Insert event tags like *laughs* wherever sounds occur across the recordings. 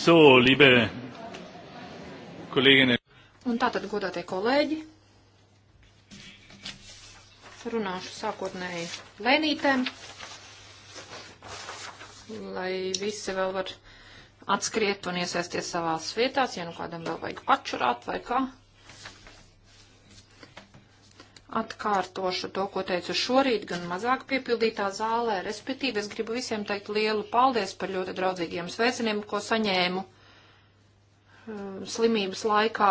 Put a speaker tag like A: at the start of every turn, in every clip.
A: So, liebe Kolleginnen. Un tātad, godātie kolēģi, runāšu sākotnēji lēnītēm, lai visi vēl var atskriet un iesaisties savās vietās, ja nu kādam vēl vajag pačurāt vai kā atkārtošu to, ko teicu šorīt, gan mazāk piepildītā zālē. Respektīvi, es gribu visiem teikt lielu paldies par ļoti draudzīgiem sveicieniem, ko saņēmu eh, slimības laikā.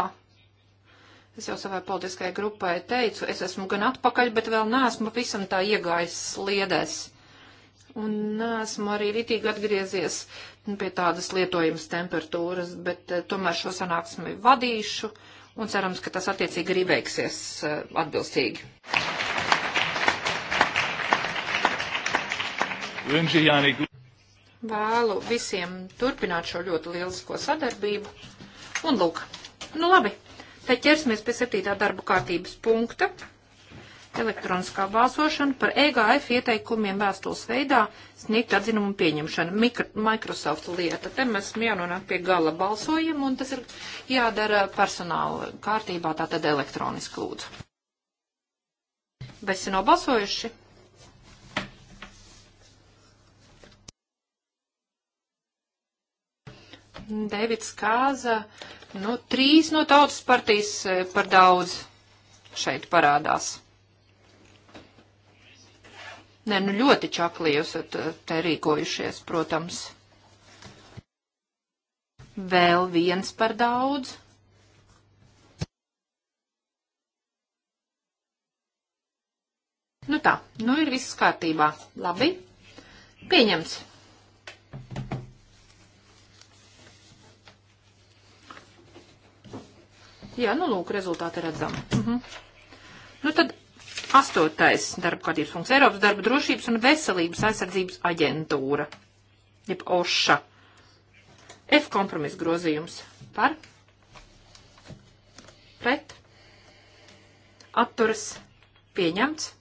A: Es jau savai politiskajai grupai teicu, es esmu gan atpakaļ, bet vēl neesmu visam tā iegājis sliedēs. Un neesmu arī ritīgi atgriezies pie tādas lietojumas temperatūras, bet eh, tomēr šo sanāksmi vadīšu. Uh, un cerams, ka tas attiecīgi arī veiksies eh, atbilstīgi. Vēlu visiem turpināt šo ļoti lielisko sadarbību. Un lūk, nu labi, te ķersimies pie septītā darba kārtības punkta. Elektroniskā balsošana par EGF ieteikumiem vēstules veidā sniegt atzinumu pieņemšanu. Mikro, Microsoft lieta. Te mēs jānonāk pie gala balsojumu, un tas ir jādara personāla kārtībā, tātad elektroniski lūdzu. Visi nobalsojuši? Deivids Kāza, nu, trīs no tautas partijas eh, par daudz šeit parādās. Nē, nu ļoti čakli jūs eh, te rīkojušies, protams. Vēl viens par daudz. Nu tā, nu ir viss kārtībā. Labi. Pieņemts. Jā, nu lūk, rezultāti redzam. Uh mhm. -huh. Nu tad Astotais darba kārtības punkts - Eiropas darba drošības un veselības aizsardzības aģentūra, jeb OŠA. F kompromis grozījums par, pret, atturas pieņemts.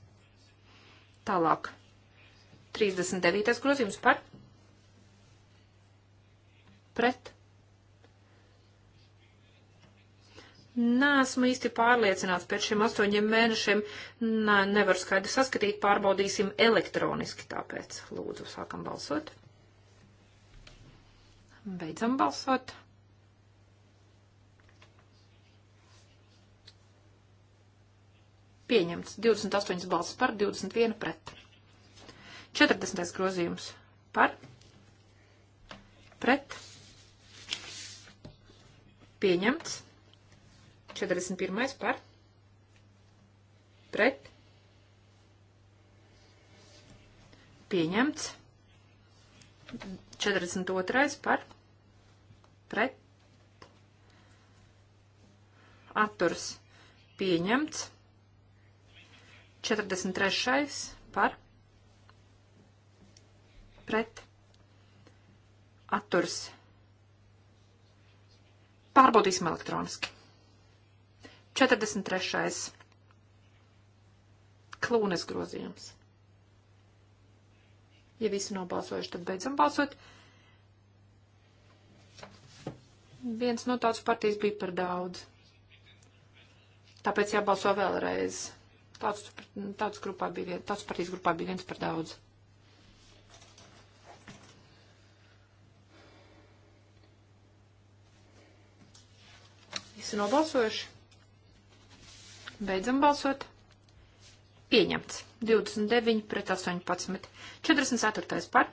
A: Tālāk. 39. grozījums par, pret, Nāsmu īsti pārliecināts pēc šiem astoņiem mēnešiem. Nā, nevar skaidri saskatīt, pārbaudīsim elektroniski, tāpēc lūdzu sākam balsot. Beidzam balsot. Pieņemts 28 balsis par, 21 pret. 40. grozījums par, pret, pieņemts 41. par pret pieņemts. 42. par pret atturs pieņemts. 43. par pret atturs pieņemts pārbaudīsim elektroniski. 43. Klūnes grozījums. Ja visi nobalsojuši, tad beidzam balsot. Viens no tautas partijas bija par daudz. Tāpēc jābalso vēlreiz. Tautas, tautas, grupā bija, tautas partijas grupā bija viens par daudz. Visi nobalsojuši? Beidzam balsot. Pieņemts. 29 pret 18. 44. par.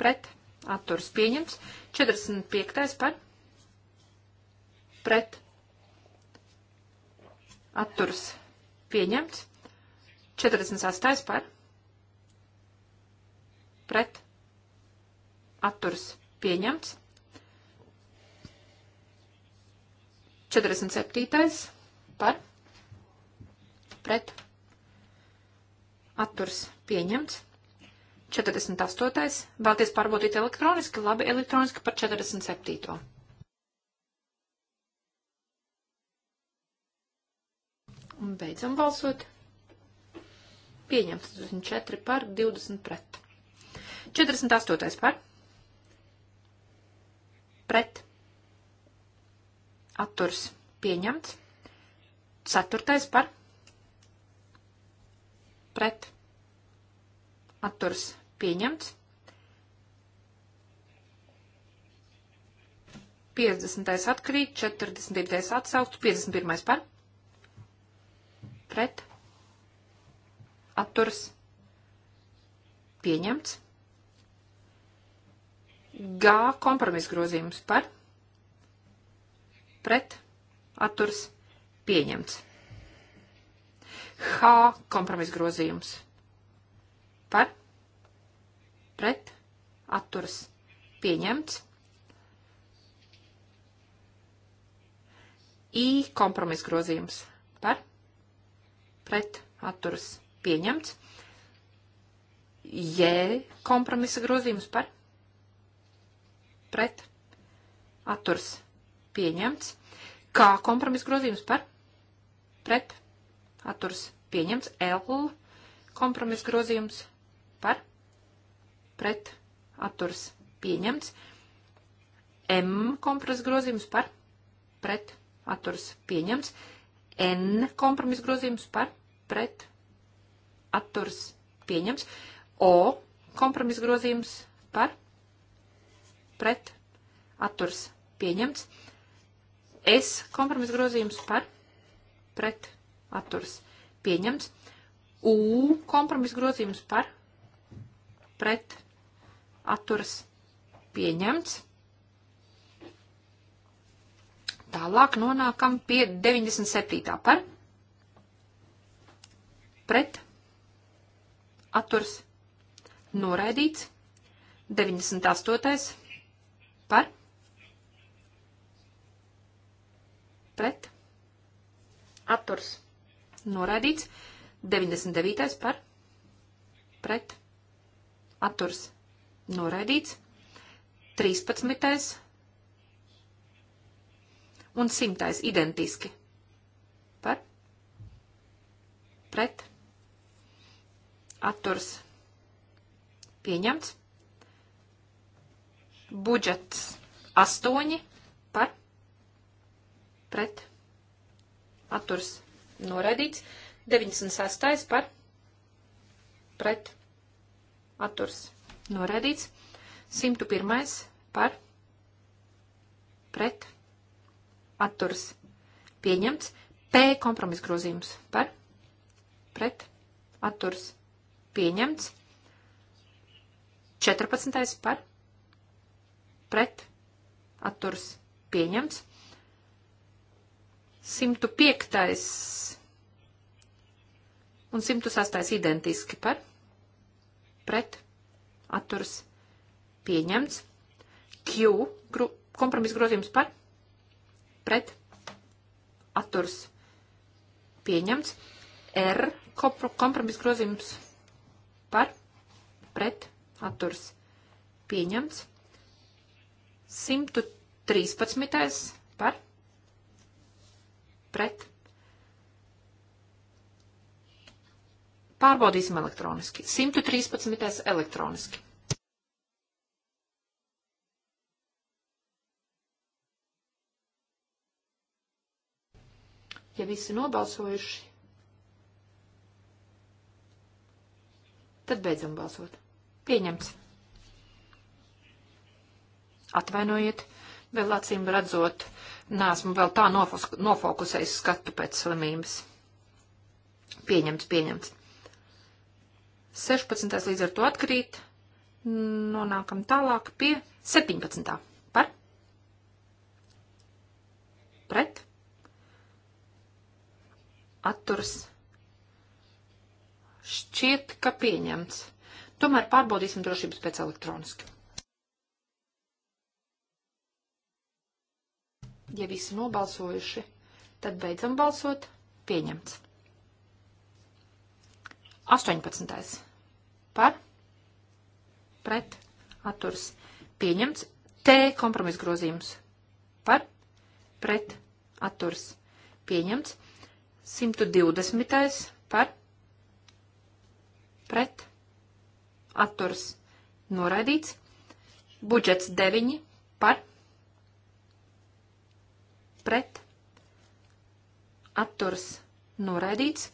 A: Pret. Atturs pieņemts. 45. par. Pret. Atturs pieņemts. 48. par. Pret. Atturs pieņemts. 47 par pret atturs pieņemts. 48. Vēlties pārbaudīt elektroniski, labi elektroniski par 47. Un beidzam balsot. Pieņemts 24 par 20 pret. 48. par pret atturs pieņemts. Ceturtais par pret atturs pieņemts. 50. atkrīt, 42. atsaukts, 51. par pret atturs pieņemts. G kompromisa grozījums par pret atturs pieņemts Pieņemts. H kompromis grozījums. Par, pret, atturas, pieņemts. I kompromis grozījums. Par, pret, atturas, pieņemts. J kompromisa grozījums par, pret, atturas, pieņemts. K kompromisa grozījums par, pret atturs pieņemts. L kompromiss grozījums par pret atturs pieņemts. M kompromiss grozījums par pret atturs pieņemts. N kompromiss grozījums par pret atturs pieņemts. O kompromiss grozījums par pret atturs pieņemts. S kompromiss grozījums par pret atturas pieņemts. U kompromisa grozījums par pret atturas pieņemts. Tālāk nonākam pie 97. par pret atturs noraidīts 98. par pret atturs noraidīts, 99. par pret atturs noraidīts, 13. un 100. identiski par pret atturs pieņemts, budžets 8 par pret atturs atturs noraidīts. 96. par pret atturs noraidīts. 101. par pret atturs pieņemts. P kompromis grozījums par pret atturs pieņemts. 14. par pret atturs pieņemts. 105. un 106. identiski par pret atturas pieņemts. Q gru, kompromisa grozījums par pret atturas pieņemts. R kompromisa grozījums par pret atturas pieņemts. 113. par pret pret. Pārbaudīsim elektroniski. 113. elektroniski. Ja visi nobalsojuši, tad beidzam balsot. Pieņemts. Atvainojiet, vēl acīm redzot, uh, Nāsmu vēl tā nofokusējis skatu pēc slimības. Pieņemts, pieņemts. 16. līdz ar to atkrīt. Nonākam tālāk pie 17. Par? Pret? Atturs. Šķiet, ka pieņemts. Tomēr pārbaudīsim drošības pēc elektroniski. Ja visi nobalsojuši, tad beidzam balsot. Pieņemts. 18. Par. Pret. Atturs. Pieņemts. T kompromis grozījums. Par. Pret. Atturs. Pieņemts. 120. Par. Pret. Atturs. Noraidīts. Budžets 9. Par pret, atturas noraidīts.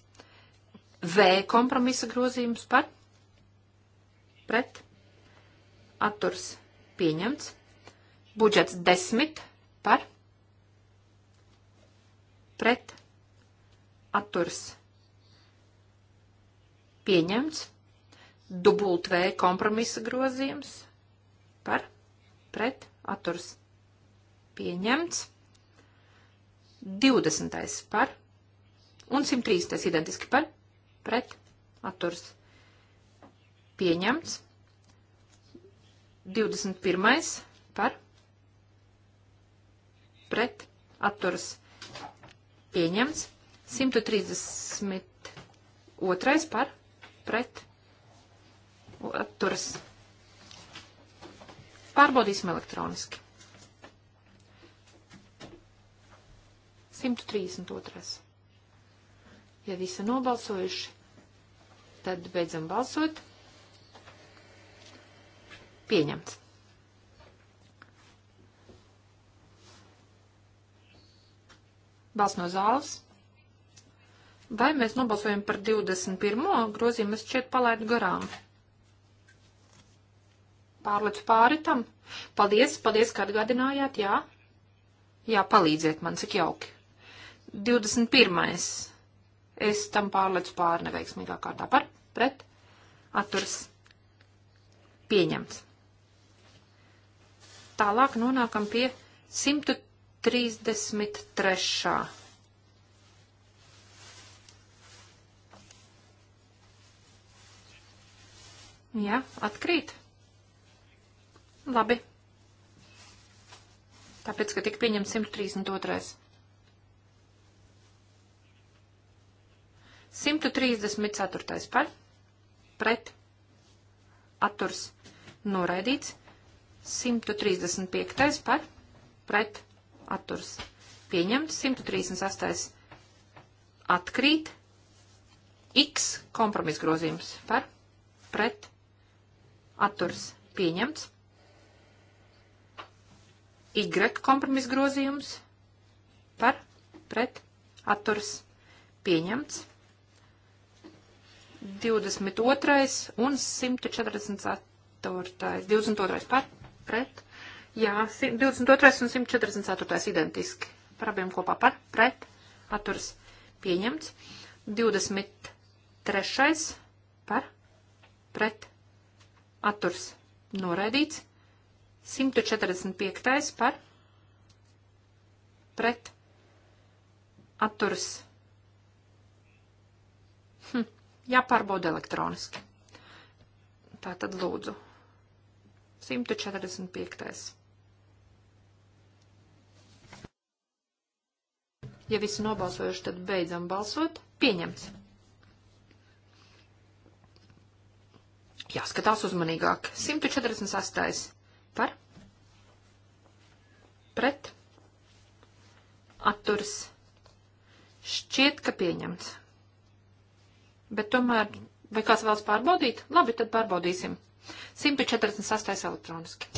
A: V kompromisa grozījums par, pret, atturas pieņemts. Budžets 10 par, pret, atturas pieņemts. Dubult V kompromisa grozījums par, pret, atturas pieņemts. 20. par un 103. identiski par pret atturs pieņemts. 21. par pret atturs pieņemts. 132. par pret atturs. Pārbaudīsim elektroniski. 132. Ja visi nobalsojuši, tad beidzam balsot. Pieņemts. Balsts no zāles. Vai mēs nobalsojam par 21. grozījumu? Es šeit palaidu garām. Pārlecu pāri tam. Paldies, paldies, ka atgādinājāt, jā. Jā, palīdziet man, cik jauki. 21. Es tam pārlecu pāri neveiksmīgā kārtā par, pret, atturs, pieņemts. Tālāk nonākam pie 133. Jā, atkrīt. Labi. Tāpēc, ka tik pieņem 132. 134. par, pret, atturs, noraidīts. 135. par, pret, atturs, pieņemts. 138. atkrīt. X kompromis grozījums par, pret, atturs, pieņemts. Y kompromis grozījums par, pret, atturs, pieņemts. 22. un 144. 22. par pret. Jā, 22. un 144. identiski. Par abiem kopā par pret. Atturas pieņemts. 23. par pret. Atturs noraidīts. 145. par pret. Atturs noraidīts jāpārbauda elektroniski. Tā tad lūdzu. 145. Ja visi nobalsojuši, tad beidzam balsot. Pieņemts. Jāskatās uzmanīgāk. 148. Par. Pret. Atturs. Šķiet, ka pieņemts. Bet tomēr, vai kāds vēlas pārbaudīt? Labi, tad pārbaudīsim. 148 elektroniski.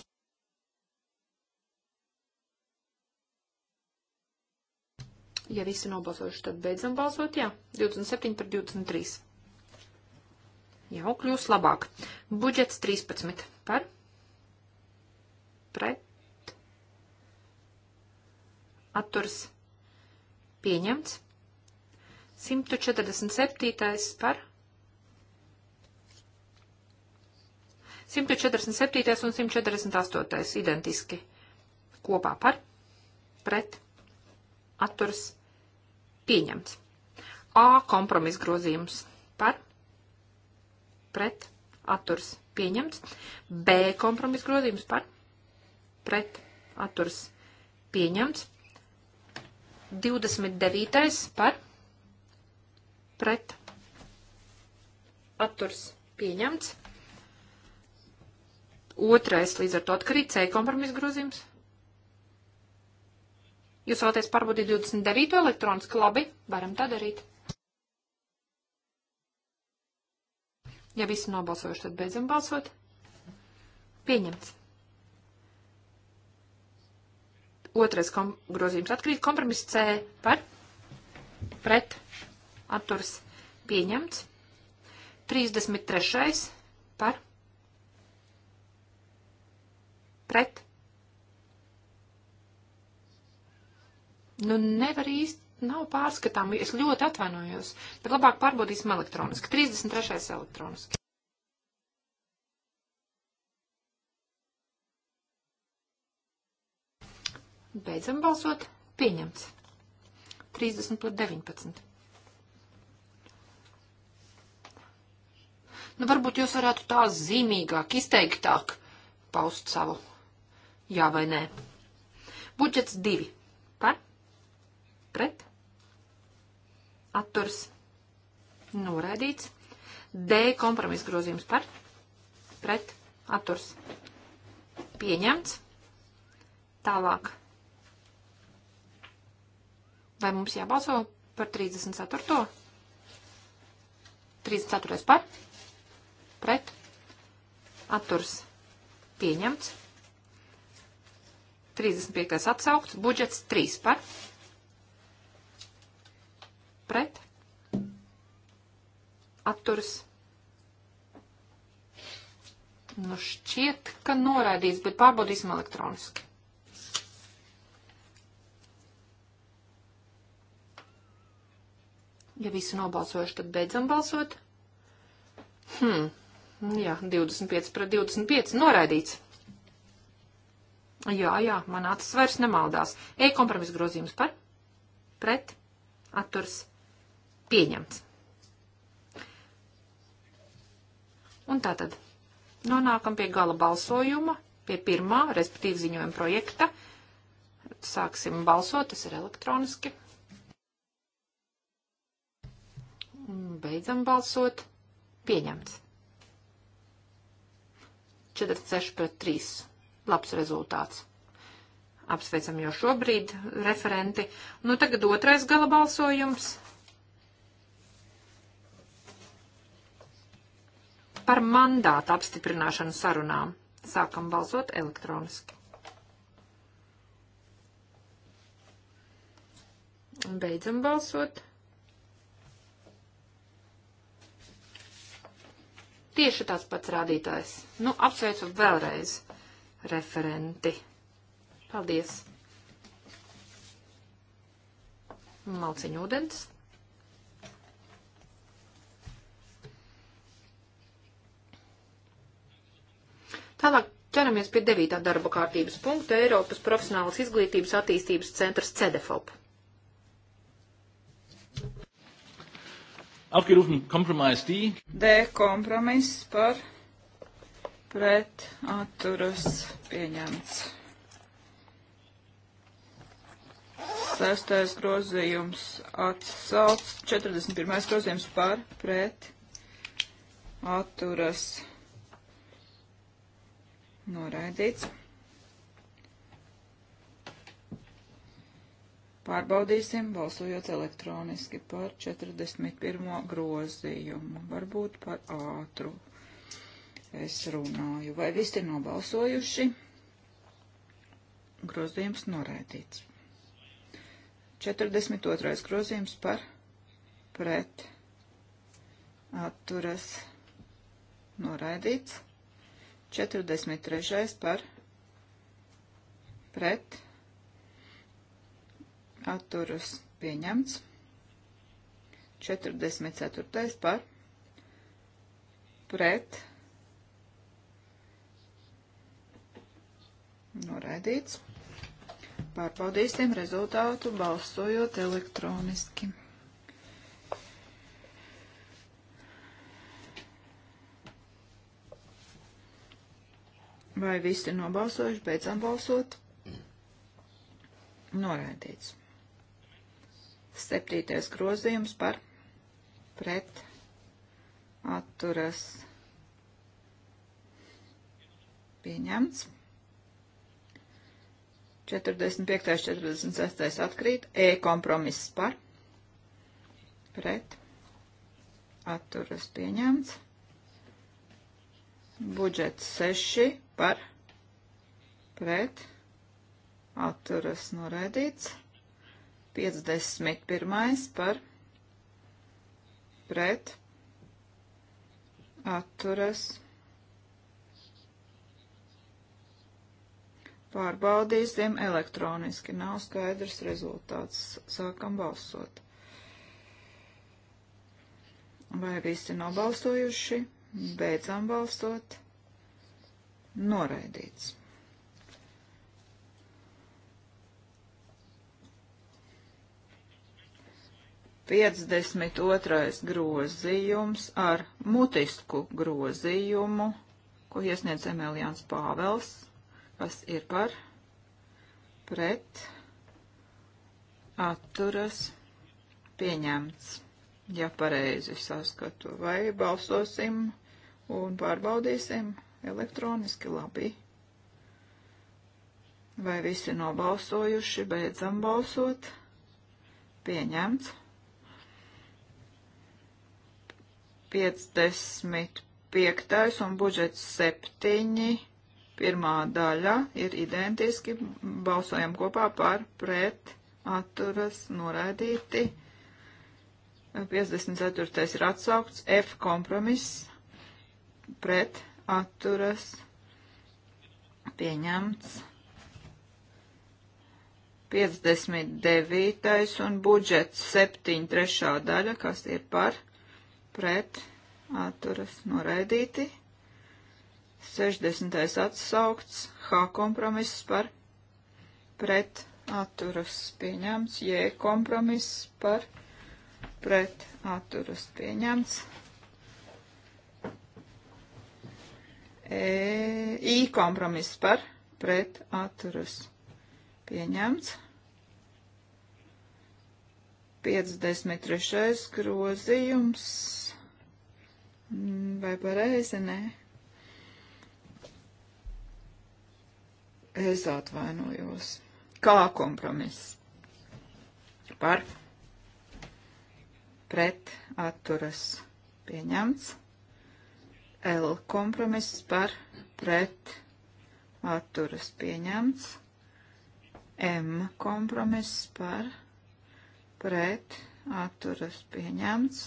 A: Ja visi nobalsojuši, tad beidzam balsot, jā. 27 par 23. Jau kļūs labāk. Budžets 13 par. Pret. Atturs. Pieņemts. 147. par. 147. un 148. identiski kopā par, pret, atturas, pieņemts. A kompromis grozījums par, pret, atturas, pieņemts. B kompromis grozījums par, pret, atturas, pieņemts. 29. par, pret pret atturs pieņemts. Otrais līdz ar to atkarīt C kompromisa grozījums. Jūs vēlaties pārbaudīt 29. elektroniski labi, varam tā darīt. Ja visi nobalsojuši, tad beidzam balsot. Pieņemts. Otrais kom grozījums atkrīt. Kompromiss C par pret atturas pieņemts. 33. par pret. Nu, nevar īsti, nav pārskatām, es ļoti atvainojos, bet labāk pārbaudīsim elektroniski. 33. elektroniski. Beidzam balsot. Pieņemts. 30 pret 19. Nu, varbūt jūs varētu tā zīmīgāk, izteiktāk paust savu jā vai nē. Budžets divi. Par? Pret? Atturs? Noraidīts. D kompromisa grozījums par? Pret? Atturs? Pieņemts. Tālāk. Vai mums jābalso par 34. 34. par? pret, atturs pieņemts. 35. atsaukts, budžets 3 par, pret, atturs pieņemts. Nu, šķiet, ka noraidīts, bet pārbaudīsim elektroniski. Ja visi nobalsojuši, tad beidzam balsot. Hmm, Jā, 25 pret 25 noraidīts. Jā, jā, man acis vairs nemaldās. E kompromisa grozījums par, pret, atturs, pieņemts. Un tātad nonākam pie gala balsojuma, pie pirmā, respektīvi ziņojuma projekta. Sāksim balsot, tas ir elektroniski. Beidzam balsot. Pieņemts. 46 pret 3. Labs rezultāts. Apsveicam jau šobrīd referenti. Nu, tagad otrais gala balsojums. Par mandātu apstiprināšanu sarunām. Sākam balsot elektroniski. Beidzam balsot. Tieši tāds pats rādītājs. Nu, apsveicu vēlreiz referenti. Paldies! Malciņu ūdens. Tālāk ķeramies pie devītā darba kārtības punkta Eiropas profesionālas izglītības attīstības centrs CEDEFOP. Apgerufen kompromiss D.
B: D kompromiss par pret atturas pieņemts. Sestais grozījums atsauc. 41. grozījums par pret atturas noraidīts. Pārbaudīsim, balsojot elektroniski par 41. grozījumu, varbūt par ātru. Es runāju, vai visi ir nobalsojuši? Grozījums norēdīts. 42. grozījums par pret atturas noraidīts. 43. par pret atturas atturas pieņemts. 44. par pret noraidīts. Pārbaudīsim rezultātu balsojot elektroniski. Vai visi ir nobalsojuši, beidzam balsot? Noraidīts. Septītais grozījums par pret atturas pieņemts. 45. 46. atkrīt. E kompromiss par pret atturas pieņemts. Budžets 6 par pret atturas noraidīts. 51. par pret atturas pārbaudīsim elektroniski. Nav skaidrs rezultāts. Sākam balsot. Vai visi nobalsojuši? Beidzam balsot. Noraidīts. 52. grozījums ar mutisku grozījumu, ko iesniedz Emēlijāns Pāvels, kas ir par pret atturas pieņemts, ja pareizi saskatu. Vai balsosim un pārbaudīsim elektroniski labi? Vai visi nobalsojuši, beidzam balsot? Pieņemts. 55. un budžets 7. pirmā daļa ir identiski. Balsojam kopā par pret atturas noraidīti. 54. ir atsaukts. F kompromiss pret atturas pieņemts. 59. un budžets 7. trešā daļa, kas ir par pret pret atturas noraidīti. 60. atsaukts H kompromiss par pret atturas pieņemts, J kompromiss par pret atturas pieņemts. E, I kompromiss par pret atturas pieņemts. 53. grozījums. Vai pareizi? Nē. Es atvainojos. Kā kompromiss? Par pret atturas pieņemts. L kompromiss par pret atturas pieņemts. M kompromiss par pret pret atturas pieņemts.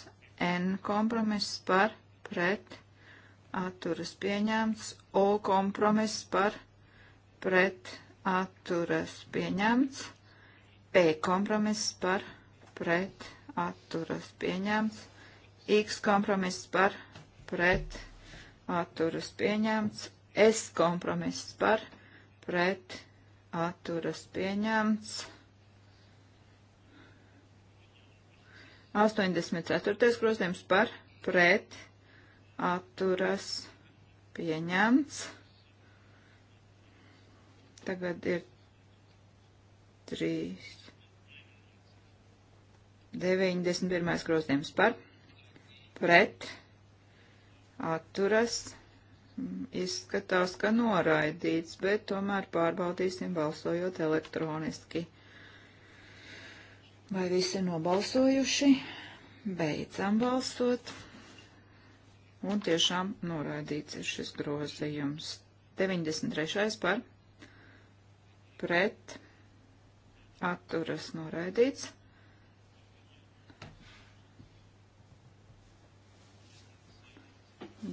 B: N kompromiss par pret atturas pieņemts. O kompromiss par pret atturas pieņemts. P kompromiss par pret atturas pieņemts. X kompromiss par pret atturas pieņemts. S kompromiss par pret atturas pieņemts. 84. grozījums par pret atturas pieņemts. Tagad ir 3. 91. grozījums par pret atturas izskatās, ka noraidīts, bet tomēr pārbaudīsim balsojot elektroniski. 91. Vai visi nobalsojuši? Beidzam balsot. Un tiešām noraidīts ir šis grozījums. 93. par pret atturas noraidīts.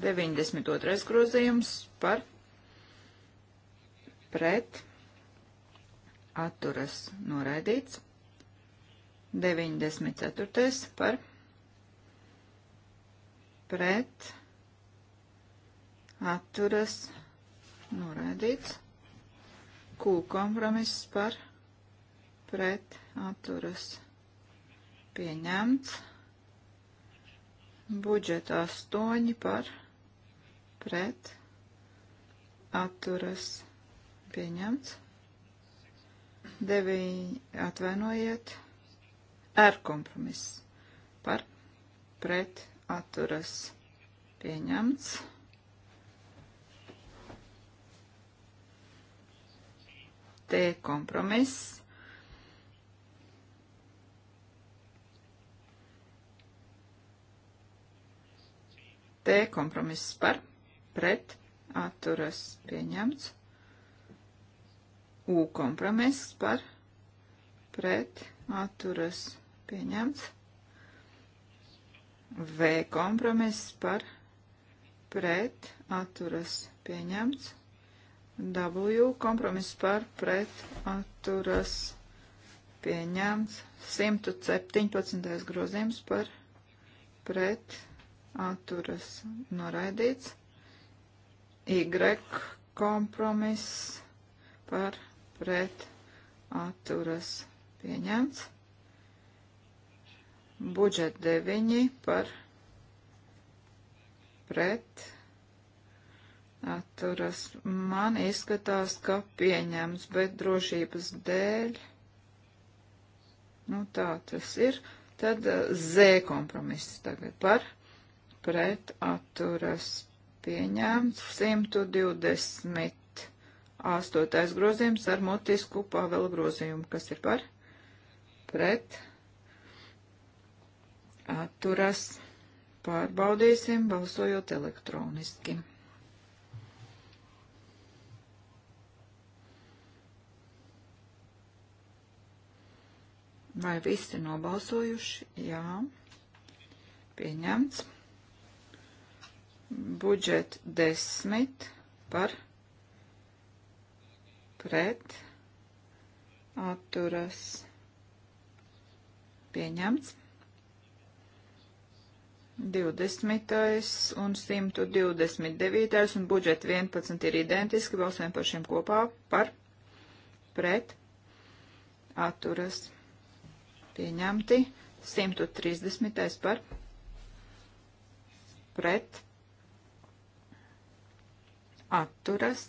B: Deviņdesmit otrais grozījums par pret atturas noraidīts. 94. par pret atturas noraidīts. Q kompromiss par pret atturas pieņemts. Budžeta 8 par pret atturas pieņemts. 9 atvainojiet. R kompromiss par pret atturas pieņemts. T kompromiss T kompromiss par, pret, atturas pieņemts. U kompromiss par, pret, atturas pieņemts pieņemts. V kompromiss par pret atturas pieņemts. W kompromiss par pret atturas pieņemts. 117. grozījums par pret atturas noraidīts. Y kompromiss par pret atturas pieņemts budžet 9 par pret atturas. Man izskatās, ka pieņems, bet drošības dēļ, nu tā tas ir, tad eh, Z kompromiss tagad par pret atturas pieņemts 120. 8. grozījums ar motisku pāvela grozījumu, kas ir par pret atturas pārbaudīsim, balsojot elektroniski. Vai visi nobalsojuši? Jā. Pieņemts. Budžet desmit par pret atturas pieņemts. 20. un 129. un budžeta 11 ir identiski, balsojam par šiem kopā, par, pret, atturas, pieņemti, 130. par, pret, atturas.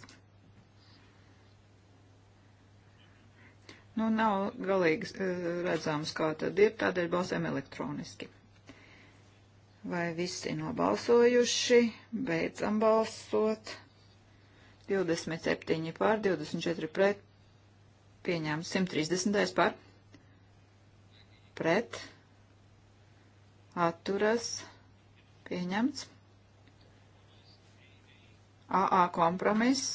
B: Nu, nav galīgi eh, redzams, kā tad ir, tādēļ balsojam elektroniski. Vai visi nobalsojuši? Beidzam balsot. 27 pār, 24 pret. Pieņēmts 130 pār. Pret. Atturas. Pieņemts. AA kompromiss.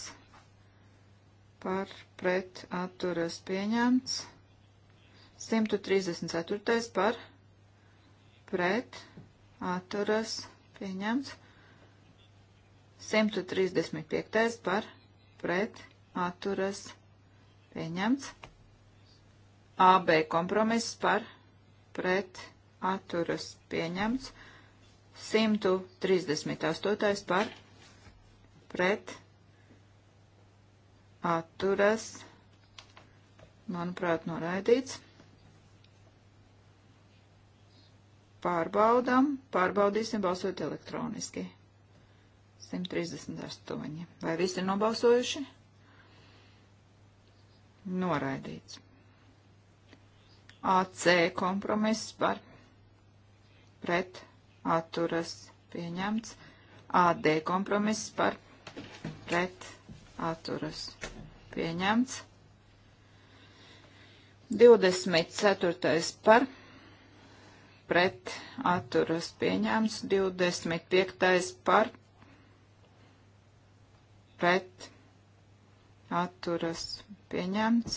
B: Par pret atturas pieņemts. 134 par pret atturas pieņemts. 135. par pret atturas pieņemts. AB kompromiss par pret atturas pieņemts. 138. par pret atturas, manuprāt, noraidīts. Pārbaudam, pārbaudīsim balsot elektroniski. 138. Vai visi ir nobalsojuši? Noraidīts. AC kompromiss par pret atturas pieņemts. AD kompromiss par pret atturas pieņemts. 24. par pret pret atturas pieņēmts, 25. par pret atturas pieņēmts,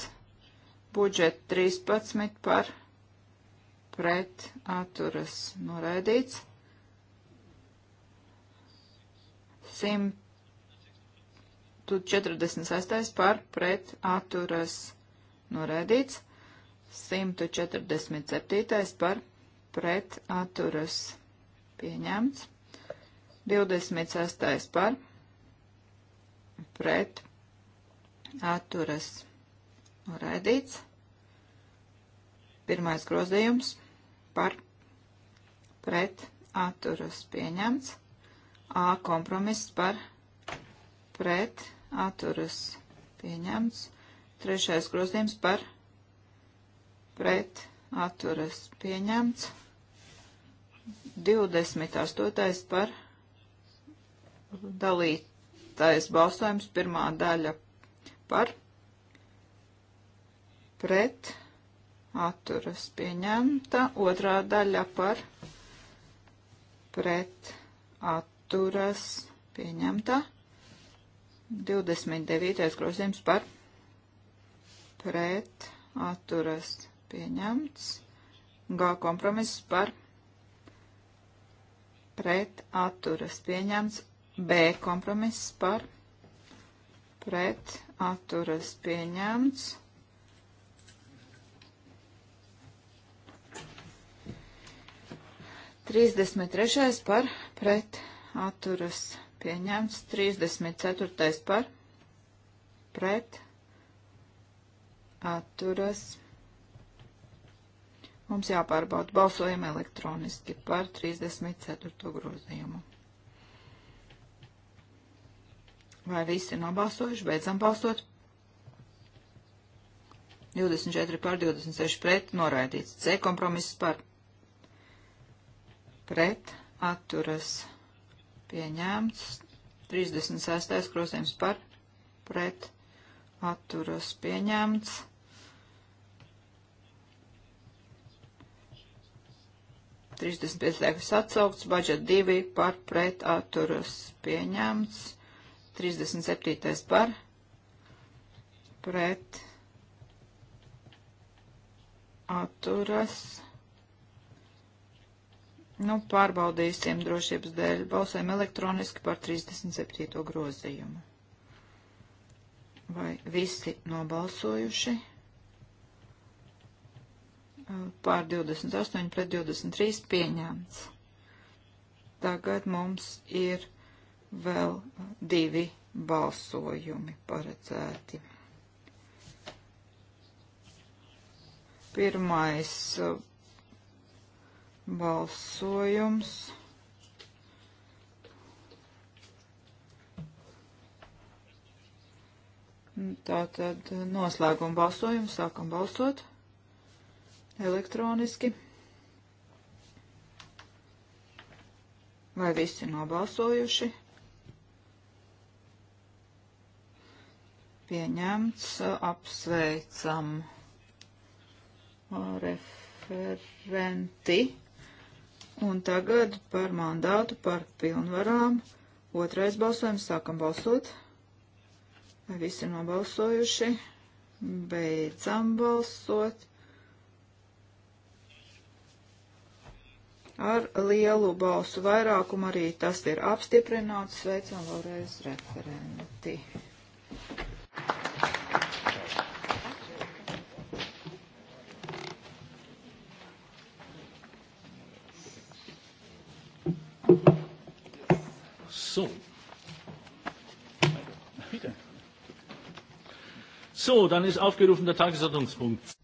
B: budžet 13 par pret atturas noraidīts, 146 par pret atturas noraidīts, 147 par pret pret atturas pieņemts. 26. par pret atturas noraidīts. Pirmais grozījums par pret atturas pieņemts. A kompromiss par pret atturas pieņemts. Trešais grozījums par pret atturas pieņemts. 28. par dalītais balsojums pirmā daļa par pret atturas pieņemta, otrā daļa par pret atturas pieņemta, 29. grozījums par pret atturas pieņemta pieņemts. G kompromiss par pret atturas pieņemts. B kompromiss par pret atturas pieņemts. Trīsdesmit trešais par pret atturas pieņemts. Trīsdesmit ceturtais par pret atturas pieņemts atturas Mums jāpārbauda. Balsojam elektroniski par 34. grozījumu. Vai visi ir nobalsojuši? Beidzam balsot. 24 par 26 pret noraidīts. C kompromiss par pret atturas pieņēmts. 36. grozījums par pret atturas pieņēmts. 35 liekas atsaukts, budžet 2 par pret atturas pieņemts, 37 par pret atturas. Nu, pārbaudīsim drošības dēļ. Balsēm elektroniski par 37. grozījumu. Vai visi nobalsojuši? pār 28 pret 23 pieņēmts. Tagad mums ir vēl divi balsojumi paredzēti. Pirmais uh, balsojums. Tātad noslēguma balsojumu sākam balsot elektroniski. Vai visi nobalsojuši? Pieņemts, apsveicam referenti. Un tagad par mandātu, par pilnvarām. Otrais balsojums, sākam balsot. Vai visi nobalsojuši? Beidzam balsot ar lielu balsu vairākumu arī tas ir apstiprināts. Sveicam vēlreiz referenti.
C: So.
A: So, dann ist aufgerufen der
C: Tagesordnungspunkt.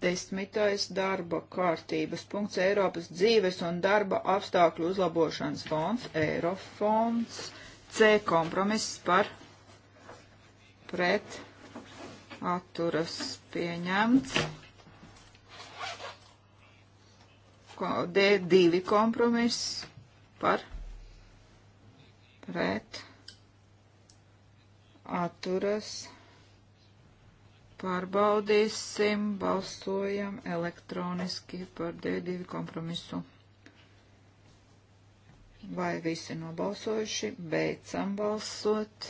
B: Desmitais darba kārtības punkts Eiropas dzīves un darba apstākļu uzlabošanas fonds, Eirofonds, C kompromiss par pret atturas pieņemts. D2 kompromiss par pret atturas pieņemts Pārbaudīsim, balsojam elektroniski par D2 kompromisu. Vai visi nobalsojuši? Beidzam balsot.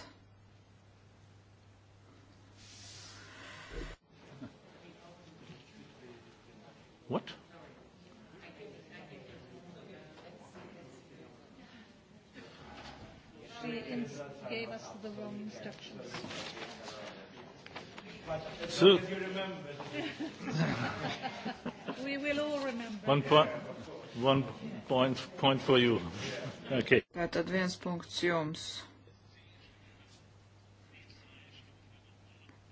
C: What? She gave us the wrong instructions. So, *laughs* we will all remember. One point, one
B: point, point for you. Okay. Tātad viens punkts jums.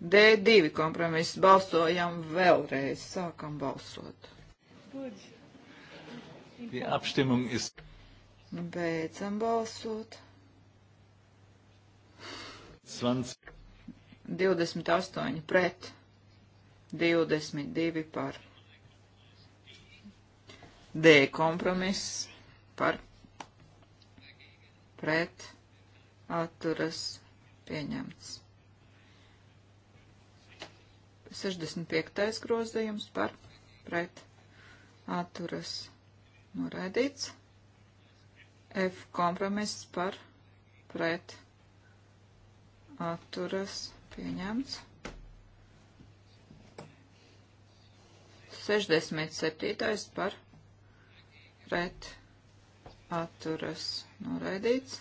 B: D2 kompromiss. Balsojam vēlreiz. Sākam balsot. Die Abstimmung ist. Beidzam balsot. 20. 28 pret, 22 par. D kompromiss par pret atturas pieņemts. 65. grozījums par pret atturas noraidīts. F kompromiss par pret atturas pieņemts Pieņemts. 67. par pret atturas noraidīts.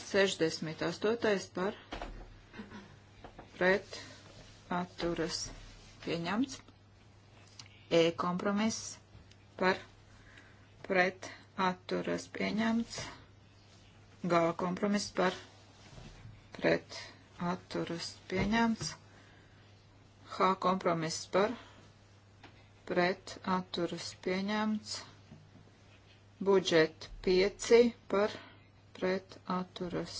B: 68. par pret atturas pieņemts. E kompromiss par pret atturas pieņemts. G kompromiss par pret atturas pieņemts. H kompromiss par pret atturas pieņemts. Budžet 5 par pret atturas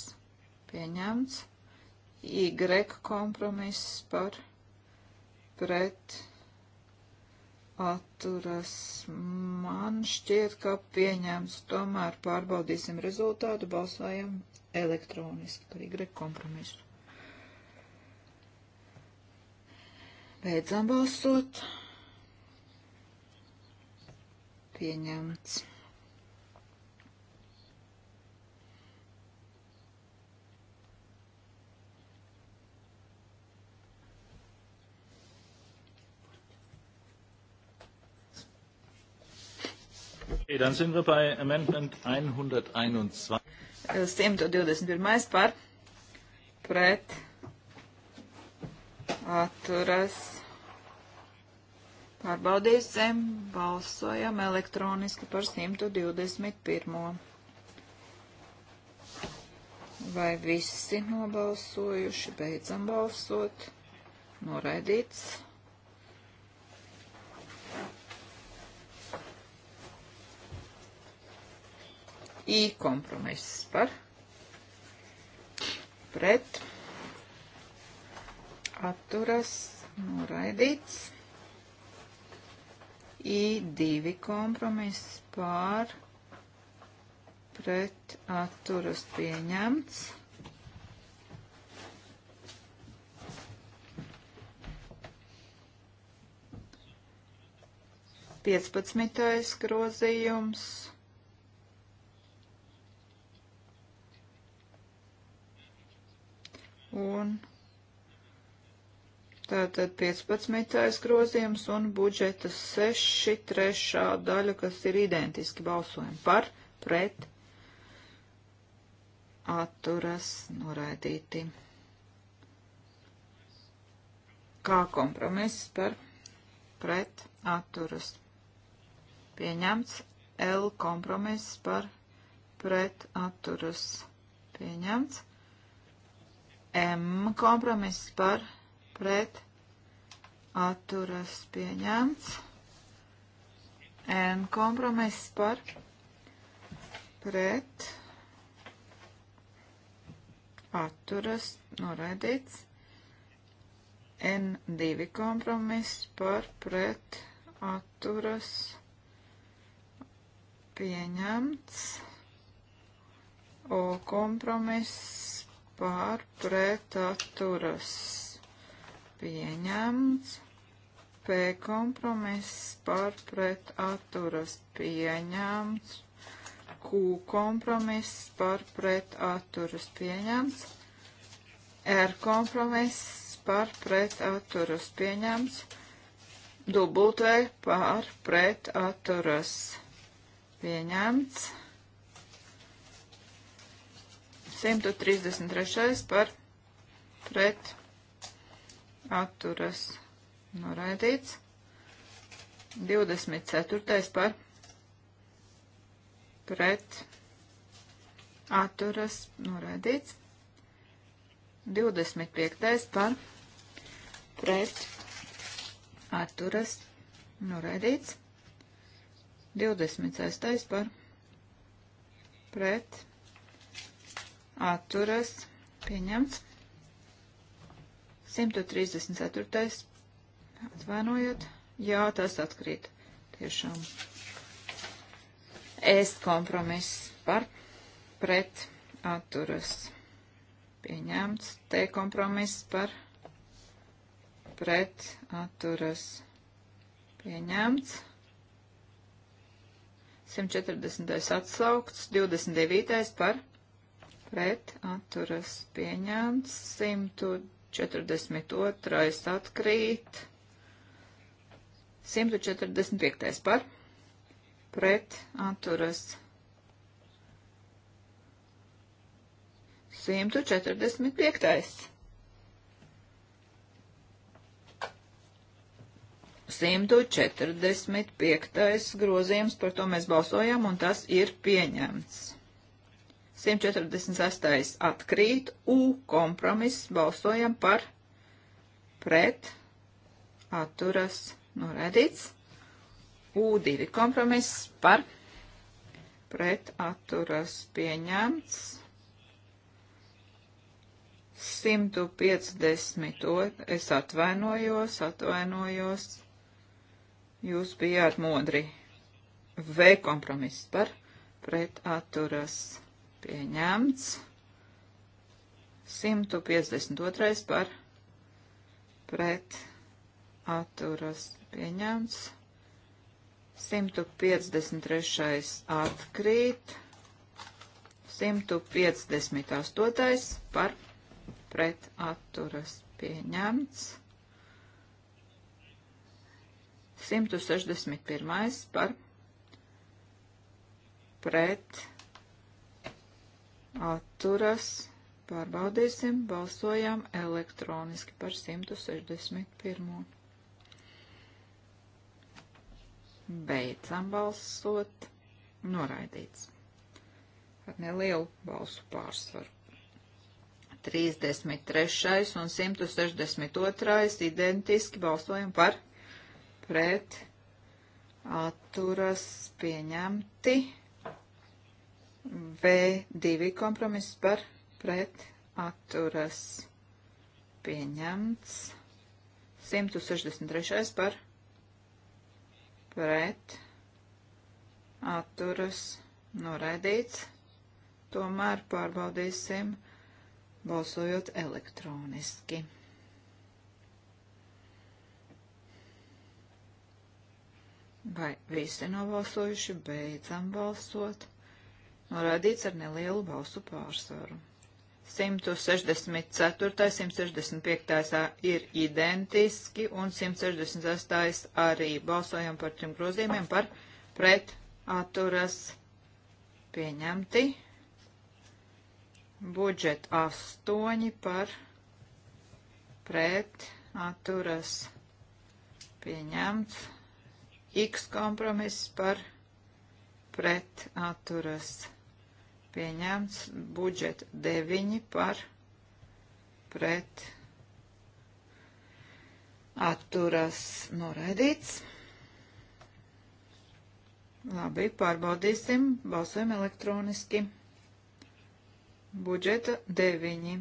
B: pieņemts. Y kompromiss par pret atturas. Man šķiet, ka pieņemts. Tomēr pārbaudīsim rezultātu. Balsojam elektroniski par Y kompromisu. Beidzam balsot. Pieņemts. Okay, dann sind wir bei Amendment 121. 121. Äh, par pret atturas. Pārbaudīsim, balsojam elektroniski par 121. Vai visi nobalsojuši, beidzam balsot, noraidīts. I kompromiss par pret atturas noraidīts. I2 kompromiss pār pret atturas pieņemts. Piecpadsmitais grozījums. Un Tātad 15. grozījums un budžeta 6 trešā daļa, kas ir identiski balsojumi par, pret, atturas, noraidīti. Kā kompromiss par, pret, atturas. Pieņemts L kompromiss par, pret, atturas. Pieņemts M kompromiss par, pret, atturas pret atturas pieņemts. N kompromiss par pret atturas noraidīts. N2 kompromiss par pret atturas pieņemts. O kompromiss par pret atturas pieņemts. P kompromiss par pret atturas pieņemts. Q kompromiss par pret atturas pieņemts. R kompromiss par pret atturas pieņemts. W par pret atturas pieņemts. 133 par pret atturas pieņemts atturas noraidīts. 24. par pret atturas noraidīts. 25. par pret atturas noraidīts. 26. par pret atturas pieņemts. 134. Atvainojiet. Jā, tas atkrīt. Tiešām. Ēst kompromiss par pret atturas. Pieņemts. T kompromiss par pret atturas. Pieņemts. 140. atsaukts, 29. par pret atturas pieņemts, 100. 42. atkrīt. 145. par pret atturas 145. 145. grozījums, par to mēs balsojām, un tas ir pieņemts. 146. atkrīt, U kompromiss balsojam par pret atturas norēdīts, U2 kompromiss par pret atturas pieņemts, 150. es atvainojos, atvainojos, jūs bijāt modri, V kompromiss par pret atturas norēdīts pieņemts. 152. par pret atturas pieņemts. 153. atkrīt. 158. par pret atturas pieņemts. 161. par pret atturas pieņemts atturas. Pārbaudīsim, balsojam elektroniski par 161. Beidzam balsot. Noraidīts. Ar nelielu balsu pārsvaru. 33. un 162. identiski balsojam par pret atturas pieņemti. B2 kompromiss par pret atturas pieņemts. 163. par pret atturas noraidīts. Tomēr pārbaudīsim balsojot elektroniski. Vai visi nobalsojuši? Beidzam balsot. Noraidīts ar nelielu balsu pārsvaru. 164, 165 ir identiski un 168 arī. Balsojam par trim grozījumiem par pret atturas pieņemti. Budžet 8 par pret atturas pieņemts. X kompromiss par pret atturas pieņemts pieņemts budžet 9 par pret atturas noraidīts. Labi, pārbaudīsim, balsojam elektroniski. Budžeta 9.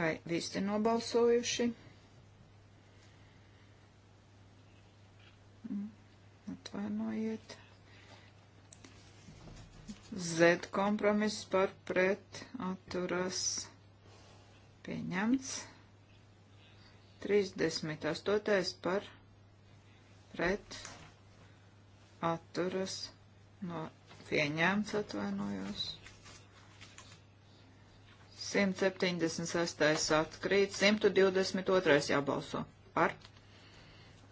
B: Vai visi nobalsojuši? Atvainojiet. Z kompromiss par pret atturas pieņemts. 38. par pret atturas no pieņemts atvainojos. 176. atkrīt, 122. jābalso par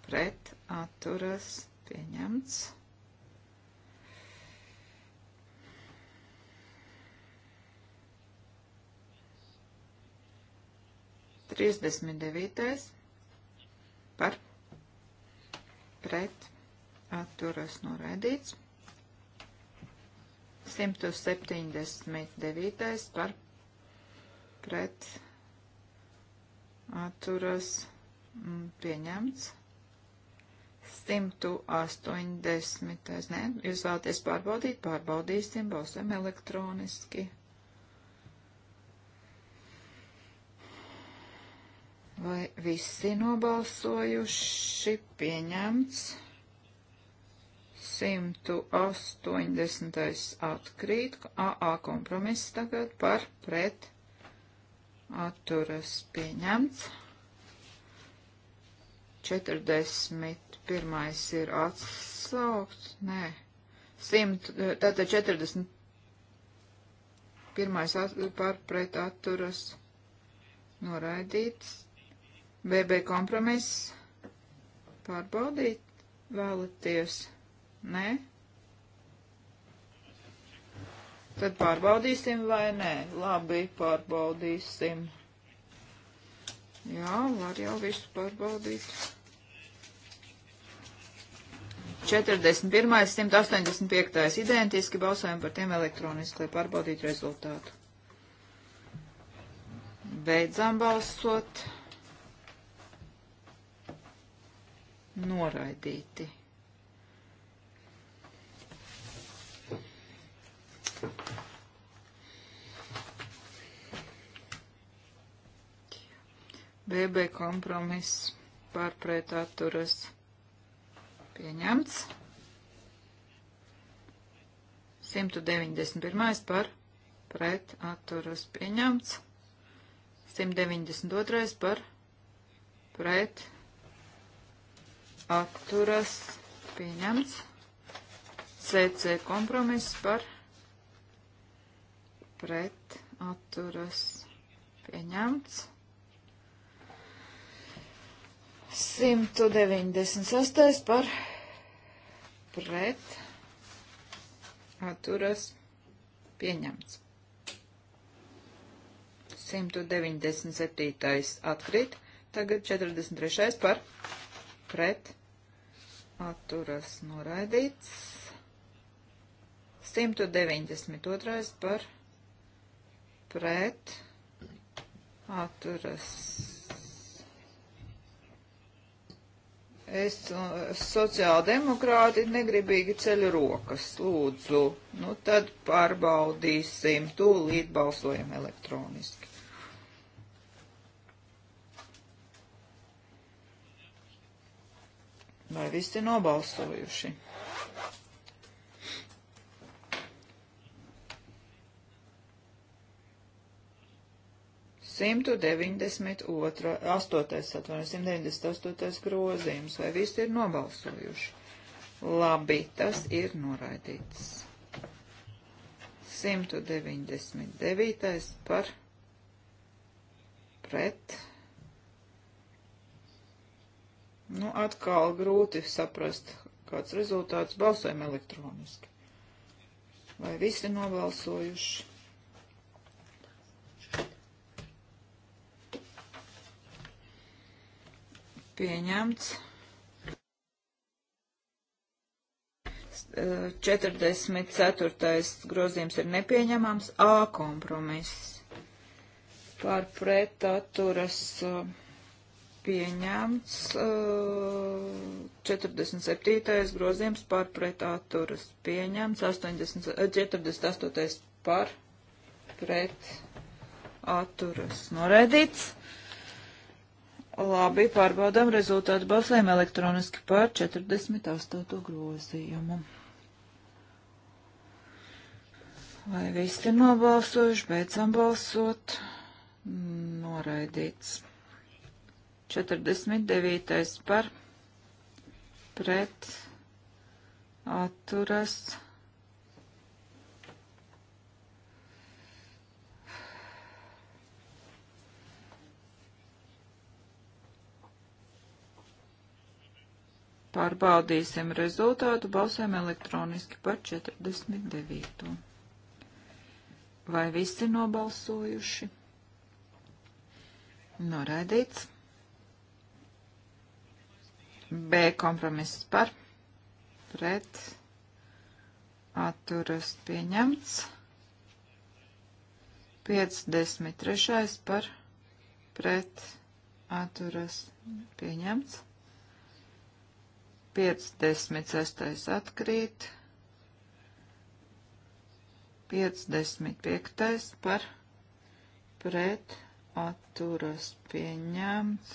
B: pret atturas pieņemts. 39. par pret atturas noraidīts. 179. par pret atturas mm, pieņemts. 180. Nē, jūs vēlaties pārbaudīt, pārbaudīsim, balsam elektroniski. 180. Vai visi nobalsojuši pieņemts? 180. atkrīt, AA kompromiss tagad par pret atturas pieņemts. 41. ir atsaukts, nē, 100, tātad 40. Pirmais at, par pret atturas noraidīts, BB kompromiss pārbaudīt vēlaties? Nē? Tad pārbaudīsim vai nē? Labi, pārbaudīsim. Jā, var jau visu pārbaudīt. 41. 185. identiski balsojam par tiem elektroniski, lai pārbaudītu rezultātu. Beidzam balsot. noraidīti. BB kompromiss pārpret atturas pieņemts. 191. par pret atturas pieņemts. 192. par pret atturas pieņemts atturas pieņemts. CC kompromiss par pret atturas pieņemts. 198 par pret atturas pieņemts. 197. atkrīt, tagad 43. par pret atturas noraidīts. 192. par pret atturas. Es sociāldemokrāti negribīgi ceļu rokas, lūdzu. Nu tad pārbaudīsim, tūlīt balsojam elektroniski. Vai visi nobalsojuši? Simtu deviņdesmit otra, astotais, atvainojiet, simt deviņdesmit astotais grozījums, vai visi ir nobalsojuši? Labi, tas ir noraidīts. 199. par pret Nu, atkal grūti saprast, kāds rezultāts balsojam elektroniski. Vai visi nobalsojuši? Pieņemts. 44. grozījums ir nepieņemams. A kompromiss. Par pretaturas. Uh, pieņemts 47. Eh, grozījums par pretāturas pieņemts, 80, 48. Eh, par pretāturas noraidīts. Labi, pārbaudām rezultātu balsēm elektroniski par 48. grozījumu. Vai visi nobalsojuši, beidzam balsot? Noraidīts. 49. par pret atturas Pārbaudīsim rezultātu, balsēm elektroniski par 49. Vai visi nobalsojuši? Noraidīts. B kompromiss par pret atturas pieņemts. 53. par pret atturas pieņemts. 56. atkrīt. 55. par pret atturas pieņemts.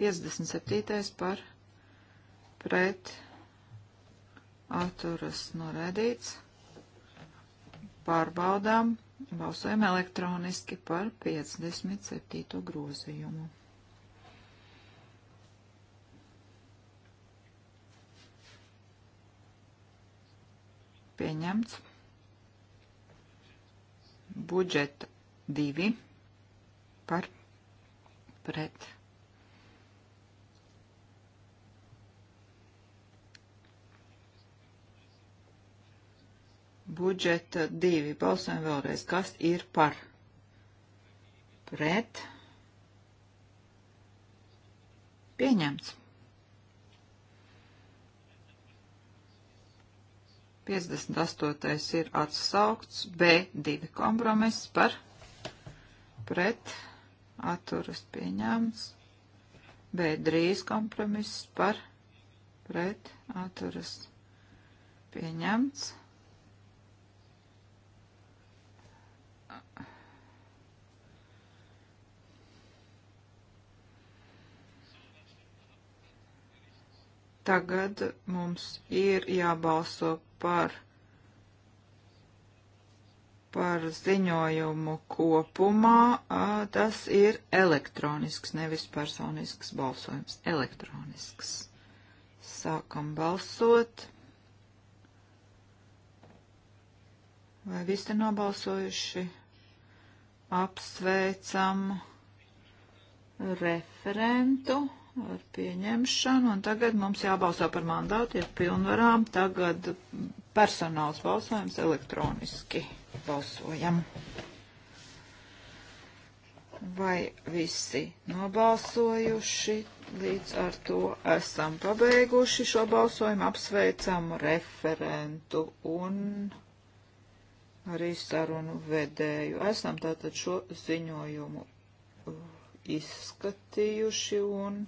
B: 57. par pret pret atturas noraidīts. Pārbaudām, balsojam elektroniski par 57. grozījumu. Pieņemts. Budžeta divi par pret budžeta divi. Balsojam vēlreiz, kas ir par pret pieņemts. 58. ir atsaukts B2 kompromiss par pret atturas pieņēmums, B3 kompromiss par pret atturas pieņemts. Tagad mums ir jābalso par, par ziņojumu kopumā. Tas ir elektronisks, nevis personisks balsojums. Elektronisks. Sākam balsot. Vai visi ir nobalsojuši? Apsveicam referentu ar pieņemšanu, un tagad mums jābalso par mandātiem pilnvarām. Tagad personāls balsojums elektroniski balsojam. Vai visi nobalsojuši? Līdz ar to esam pabeiguši šo balsojumu, apsveicam referentu un arī sarunu vedēju. Esam tātad šo ziņojumu izskatījuši un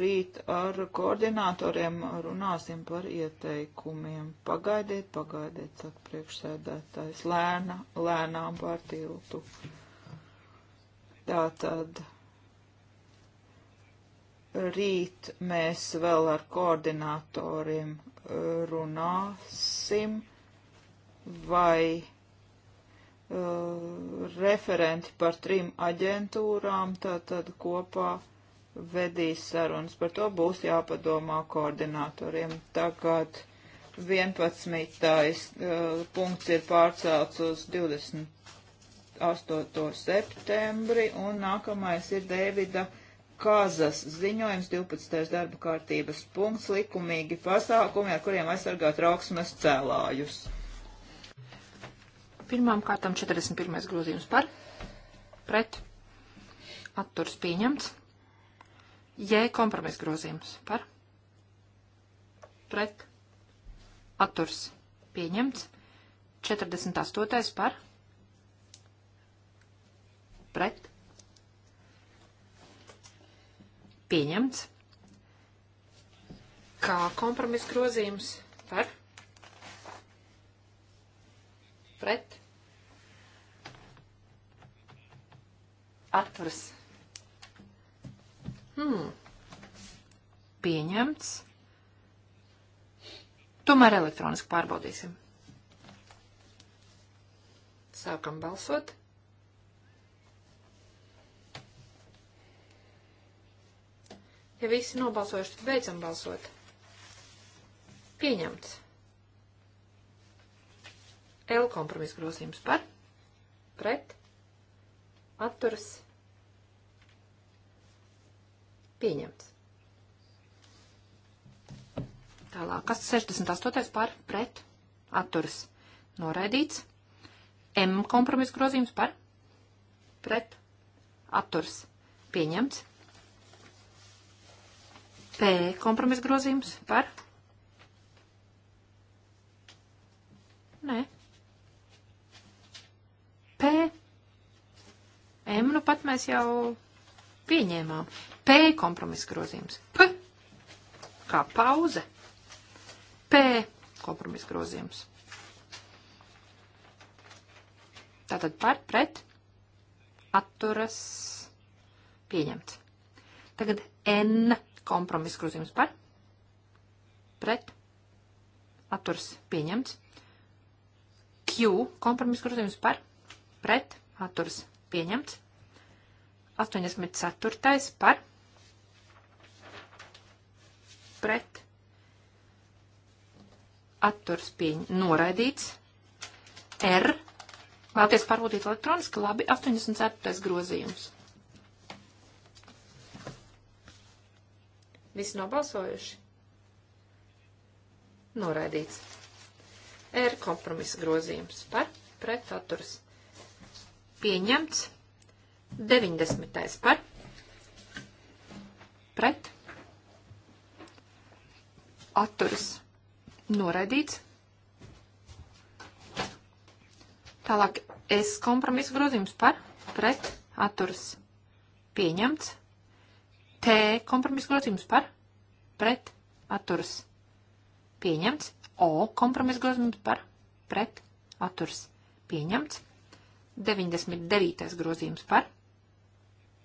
B: rīt ar koordinatoriem runāsim par ieteikumiem. Pagaidiet, pagaidiet, saka priekšsēdētājs, lēna, lēnām pār tiltu. Tātad rīt mēs vēl ar koordinatoriem runāsim, vai uh, referenti par trim aģentūrām tātad kopā vedīs sarunas. Par to būs jāpadomā koordinatoriem. Tagad 11. Uh, punkts ir pārcelts uz 20. 8. septembri, un nākamais ir Dēvida Kazas ziņojums 12. darba kārtības punkts - likumīgi pasākumi, ar kuriem aizsargāt trauksmes cēlājus.
A: Pirmām kārtām 41. grozījums par, pret, atturs pieņemts, J kompromisa grozījums par pret atturs pieņemts. 48. par pret pieņemts. Kā kompromisa grozījums par pret atturs pieņemts Hmm. Pieņemts. Tomēr elektroniski pārbaudīsim. Sākam balsot. Ja visi nobalsojuši, tad beidzam balsot. Pieņemts. L kompromisa grozījums par, pret, atturas, pieņemts Pieņemts. Tālāk, kas 68. par pret atturas noraidīts. M kompromisa grozījums par pret atturas pieņemts. P kompromisa grozījums par. Nē. P. M nu pat mēs jau pieņēmām. P kompromisa grozījums. P kā pauze. P kompromisa grozījums. Tātad par pret atturas pieņemts. Tagad N kompromisa grozījums par pret atturas pieņemts. Q kompromisa grozījums par pret atturas pieņemts. 84. par pret atturs pieņ noraidīts. R. Vēlties pārvūtīt elektroniski labi 84. grozījums. Visi nobalsojuši? Noraidīts. R kompromisa grozījums par pret atturs pieņemts. 90. par pret atturas noraidīts. Tālāk es kompromisu grozījums par pret atturas pieņemts. T kompromisu grozījums par pret atturas pieņemts. O kompromisu grozījums par pret atturas pieņemts. 99. grozījums par pret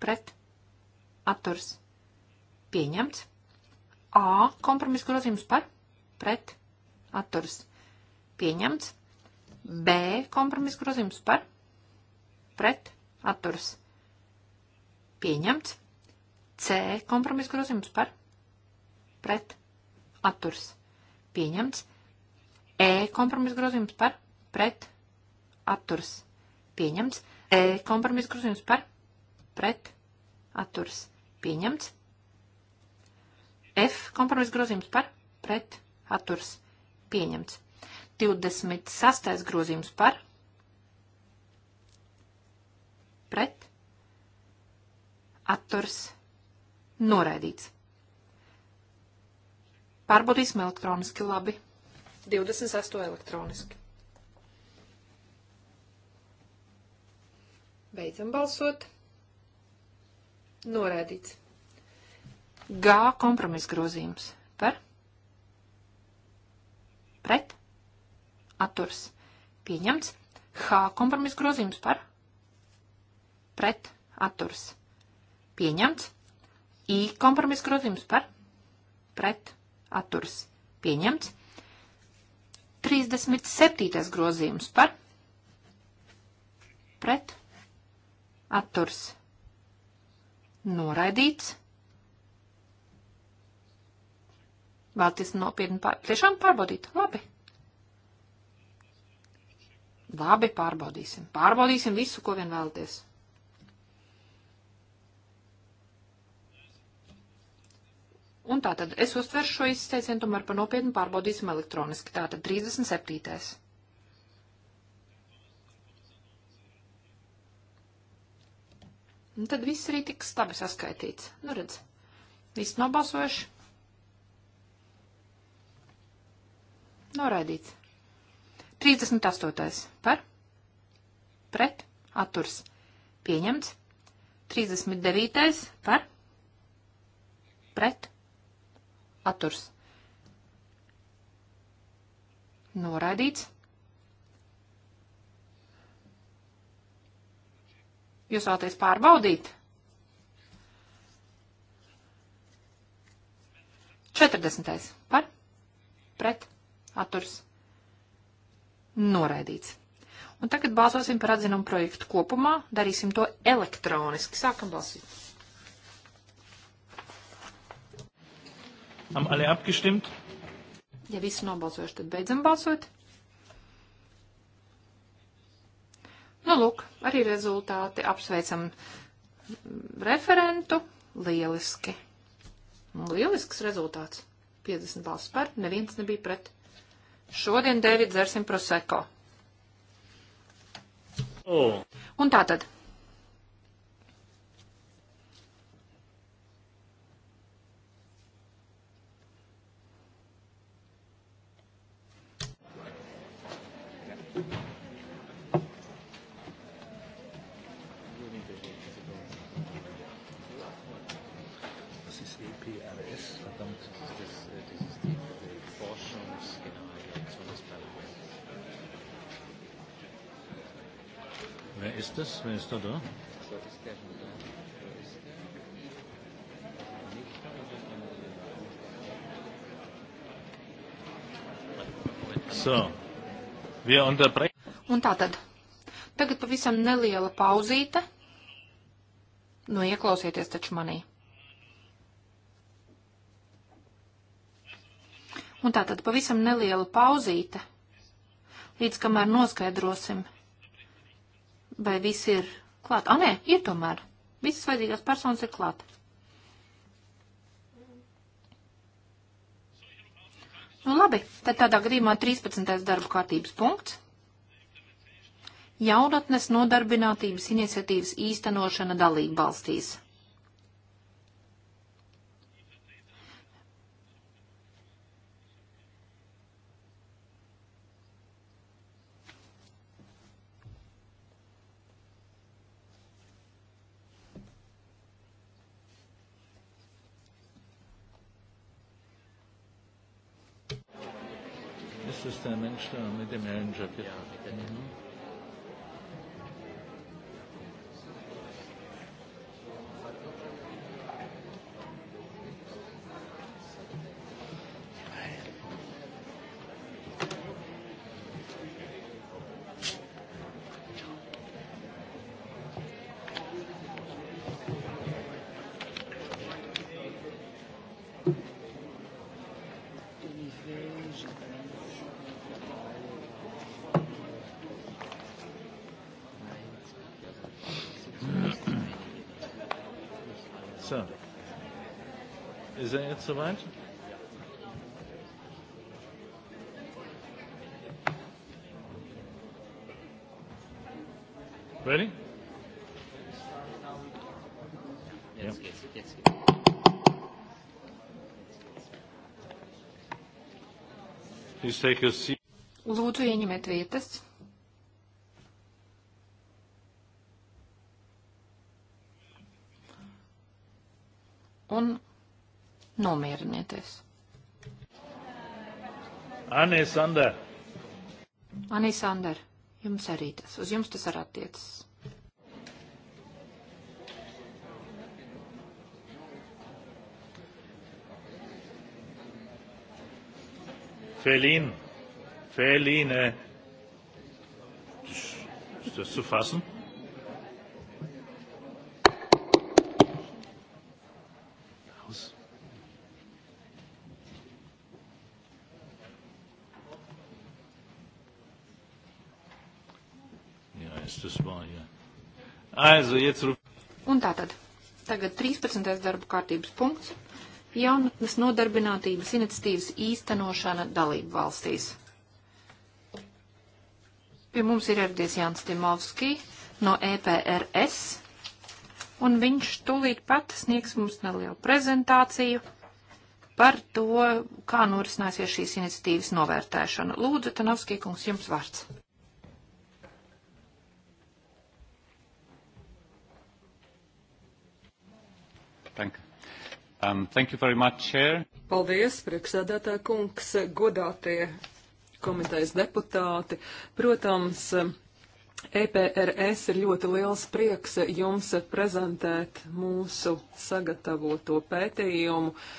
A: pret atturs pieņemts. A kompromis grozījums par pret atturs pieņemts. B kompromis grozījums par pret atturs pieņemts. C kompromis grozījums par pret atturs pieņemts. E kompromis grozījums par pret atturs pieņemts. E kompromis grozījums par pret pret atturs pieņemts. F kompromisa grozījums par pret atturs pieņemts. 26. grozījums par pret atturs noraidīts. Pārbaudīsim elektroniski labi. 28 elektroniski. Beidzam balsot. Norēdīts. G kompromisa grozījums. Par? Pret? Atturs. Pieņemts. H kompromisa grozījums par? Pret? Atturs. Pieņemts. I kompromisa grozījums par? Pret? Atturs. Pieņemts. 37. grozījums par? Pret? Atturs. Pieņemts Noraidīts. Vēlties nopietni pār... Tiešām pārbaudīt. Labi. Labi, pārbaudīsim. Pārbaudīsim visu, ko vien vēlaties. Un tātad es uztveršu šo izteicienu tomēr par nopietnu pārbaudīsim elektroniski. Tātad 37. Un nu, tad viss arī tiks labi saskaitīts. Nu, redz, viss nobalsojuši. Noraidīts. 38. par, pret, atturs, pieņemts. 39. par, pret, atturs, noraidīts. Jūs vēlaties pārbaudīt? 40. Par? Pret? Atturs? Noraidīts. Un tagad balsosim par atzinumu projektu kopumā. Darīsim to elektroniski. Sākam balsīt.
B: Am alle abgestimmt?
A: Ja visi nobalsojuši, tad beidzam balsot. Nu, lūk, arī rezultāti. Apsveicam referentu. Lieliski. Lielisks rezultāts. 50 balsts par, neviens nebija pret. Šodien Dēvid dzersim proseko. Oh. Un tā tad.
B: Wer ist das? Wer ist da da? So.
A: Wir unterbrechen. Un tā tad. Tagad pavisam neliela pauzīte. Nu, ieklausieties taču manī. Un tā tad pavisam neliela pauzīte, līdz kamēr noskaidrosim Vai visi ir klāt? A, nē, ir tomēr. Visas vajadzīgās personas ir klāt. Nu labi, tad tādā gadījumā 13. darba kārtības punkts. Jaunatnes nodarbinātības iniciatīvas īstenošana dalība valstīs.
B: stimmt, mit dem Herrn Javier. Ja, mit dem Herrn.
A: soweit? Ready? Yeah. Please take your seat. Lūdzu, ieņemiet vietas. nomierinieties. Anī Sander. Anī Sander, jums arī tas, uz jums tas arī attiecas. Felin, Feline, ist das zu fassen? Also jetzt... Un tātad, tagad 13. darbu kārtības punkts - jaunatnes nodarbinātības iniciatīvas īstenošana dalību valstīs. Pie mums ir ieradies Jānis Timovski no EPRS, un viņš tūlīt pat sniegs mums nelielu prezentāciju par to, kā norisināsies šīs iniciatīvas novērtēšana. Lūdzu, Tanovskī kungs, jums vārds.
B: Um, thank you very much, Chair.
C: Paldies, priekšsēdētā kungs, godātie komitejas deputāti. Protams, EPRS ir ļoti liels prieks jums prezentēt mūsu sagatavoto pētījumu. Uh,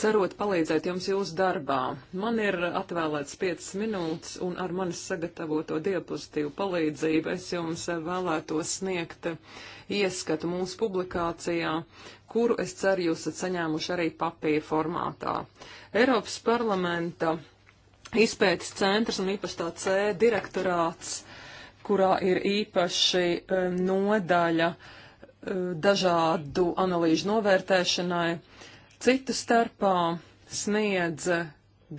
C: cerot palīdzēt jums jūsu darbā. Man ir atvēlēts 5 minūtes, un ar manis sagatavoto diapozitīvu palīdzību es jums vēlētos sniegt ieskatu mūsu publikācijā, kuru es ceru jūs esat saņēmuši arī papīra formātā. Eiropas parlamenta izpētes centrs un īpaši tā C direktorāts, kurā ir īpaši um, nodaļa um, dažādu analīžu novērtēšanai citu starpā sniedz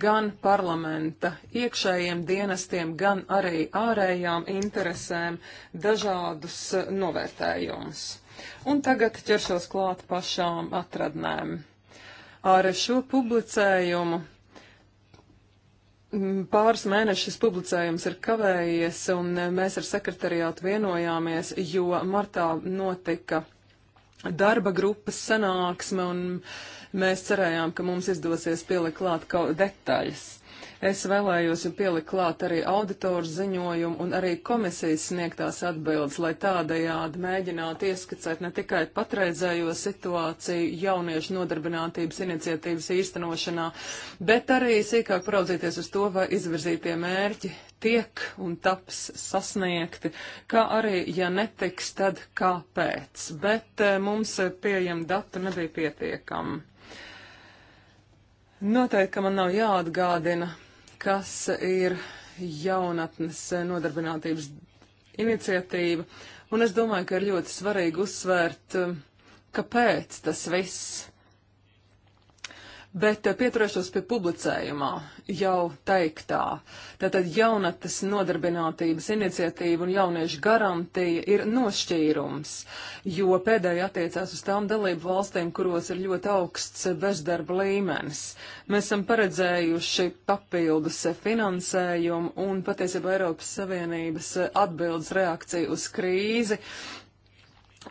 C: gan parlamenta iekšējiem dienestiem, gan arī ārējām interesēm dažādus novērtējumus. Un tagad ķeršos klāt pašām atradnēm. Ar šo publicējumu pāris mēnešus publicējums ir kavējies, un mēs ar sekretariātu vienojāmies, jo martā notika darba grupas sanāksme, un Mēs cerējām, ka mums izdosies pielikt klāt kaut detaļas. Es vēlējos pielikt klāt arī auditoru ziņojumu un arī komisijas sniegtās atbildes, lai tādējādi mēģinātu ieskicēt ne tikai patreizējo situāciju jauniešu nodarbinātības iniciatīvas īstenošanā, bet arī sīkāk paraudzīties uz to, vai izvirzītie mērķi tiek un taps sasniegti, kā arī, ja netiks, tad kāpēc. Bet eh, mums eh, pieejam datu nebija pietiekami. Noteikti, ka man nav jāatgādina, kas ir jaunatnes nodarbinātības iniciatīva, un es domāju, ka ir ļoti svarīgi uzsvērt, um, kāpēc tas viss bet eh, pieturēšos pie publicējumā jau teiktā. Tātad jaunatnes nodarbinātības iniciatīva un jauniešu garantija ir nošķīrums, jo pēdēji attiecās uz tām dalību valstīm, kuros ir ļoti augsts bezdarba līmenis. Mēs esam paredzējuši papildus finansējumu un patiesībā Eiropas Savienības atbildes reakciju uz krīzi.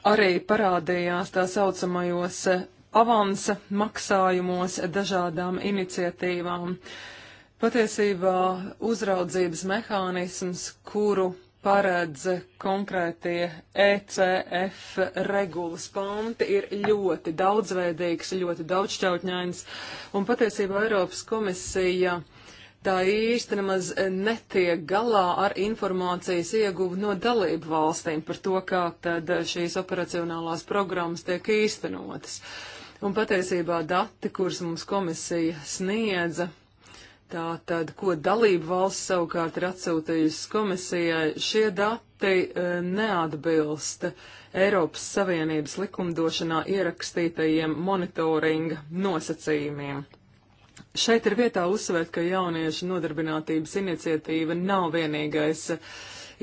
C: Arī parādījās tā saucamajos avansa maksājumos dažādām iniciatīvām. Patiesībā uzraudzības mehānisms, kuru paredz konkrētie ECF regulas panti, ir ļoti daudzveidīgs, ļoti daudzšķautņains, un patiesībā Eiropas komisija tā īsti nemaz netiek galā ar informācijas ieguvu no dalību valstīm par to, kā tad šīs operacionālās programmas tiek īstenotas. Uh, Un patiesībā dati, kurus mums komisija sniedza, tā tad, ko dalību valsts savukārt ir atsūtījusi komisijai, šie dati e, neatbilst Eiropas Savienības likumdošanā ierakstītajiem monitoringa nosacījumiem. Šeit ir vietā uzsvērt, ka jauniešu nodarbinātības iniciatīva nav vienīgais uh,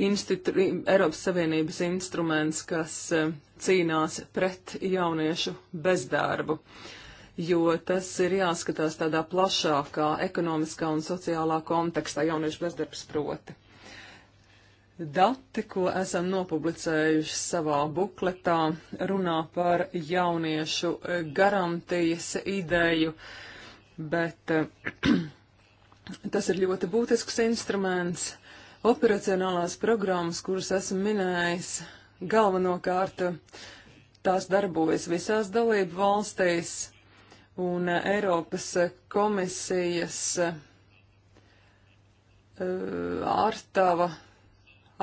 C: Eiropas Savienības instruments, kas eh, cīnās pret jauniešu bezdarbu, jo tas ir jāskatās tādā plašākā ekonomiskā un sociālā kontekstā jauniešu bezdarbs proti. Dati, ko esam nopublicējuši savā bukletā, runā par jauniešu eh, garantijas ideju, bet eh, *clears throat* tas ir ļoti būtisks instruments, Operacionālās programmas, kuras esmu minējis, galvenokārt tās darbojas visās dalību valstīs, un eh, Eiropas eh, komisijas eh, ārstava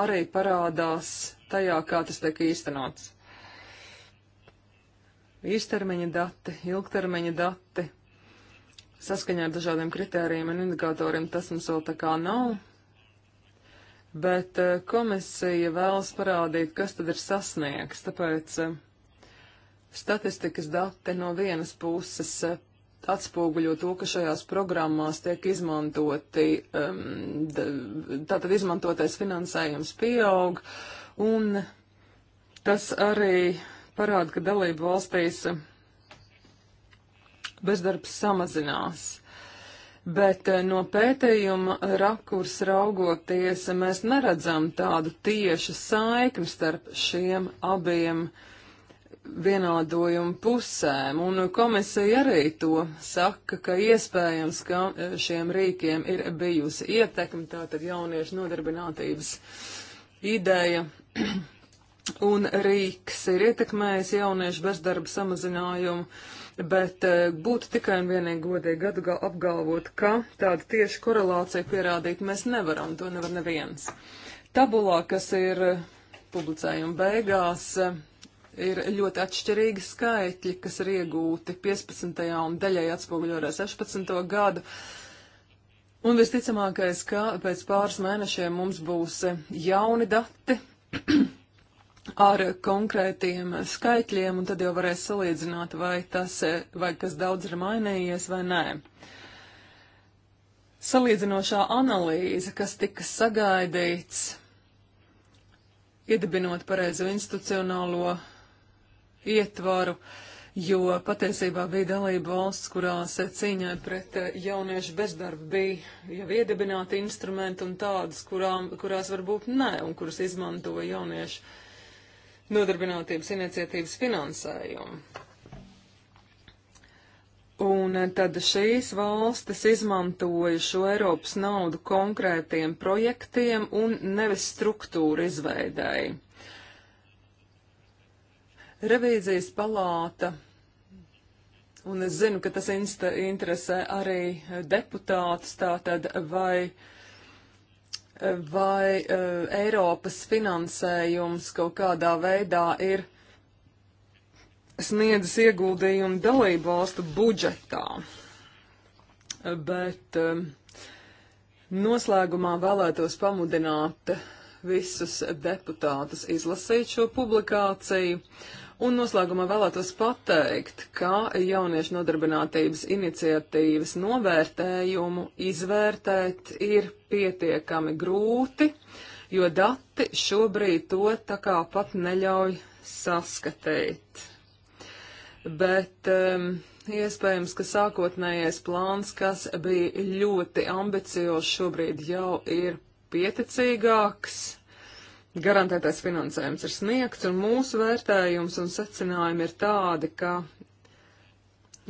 C: arī parādās tajā, kā tas tiek īstenots. Īstermiņa dati, ilgtermiņa dati, saskaņā ar dažādiem kritērijiem un indikatoriem tas mums vēl tā kā nav, bet eh, komisija vēlas parādīt, kas tad ir sasniegts. Tāpēc eh, statistikas dati no vienas puses eh, atspoguļo to, ka šajās programmās tiek izmantoti, ehm, tātad izmantotais finansējums pieaug, un tas arī parāda, ka dalību valstīs bezdarbs samazinās bet eh, no pētījuma rakurs raugoties, mēs neredzam tādu tiešu saikni starp šiem abiem vienādojumu pusēm, un komisija arī to saka, ka iespējams, ka eh, šiem rīkiem ir bijusi ietekme, tātad jauniešu nodarbinātības ideja *clears throat* un rīks ir ietekmējis jauniešu bezdarba samazinājumu bet eh, būtu tikai un vienīgi godīgi gadu gal apgalvot, ka tādu tieši korelāciju pierādīt mēs nevaram, to nevar neviens. Tabulā, kas ir eh, publicējuma beigās, eh, ir ļoti atšķirīgi skaitļi, kas ir iegūti 15. un daļai atspoguļo arī 16. gadu. Un visticamākais, ka pēc pāris mēnešiem mums būs jauni dati, ar konkrētiem skaitļiem, un tad jau varēs salīdzināt, vai tas, vai kas daudz ir mainījies vai nē. Salīdzinošā analīze, kas tika sagaidīts, iedibinot pareizo institucionālo ietvaru, jo patiesībā bija dalība valsts, kurās cīņai pret jauniešu bezdarbu bija jau iedibināti instrumenti un tādas, kurām, kurās varbūt nē, un kuras izmantoja jauniešu nodarbinātības iniciatīvas finansējumu. Un eh, tad šīs valstis izmantoja šo Eiropas naudu konkrētiem projektiem un nevis struktūru izveidēji. Revīzijas palāta, un es zinu, ka tas interesē arī deputātus, tātad vai uh, vai uh, Eiropas finansējums kaut kādā veidā ir sniedzis ieguldījumu dalību valstu budžetā. Bet uh, noslēgumā vēlētos pamudināt visus deputātus izlasīt šo publikāciju. Uh, Un noslēgumā vēlētos pateikt, ka jauniešu nodarbinātības iniciatīvas novērtējumu izvērtēt ir pietiekami grūti, jo dati šobrīd to tā kā pat neļauj saskatīt. Bet um, iespējams, ka sākotnējais plāns, kas bija ļoti ambiciozs, šobrīd jau ir pieticīgāks garantētais finansējums ir sniegts, un mūsu vērtējums un secinājumi ir tādi, ka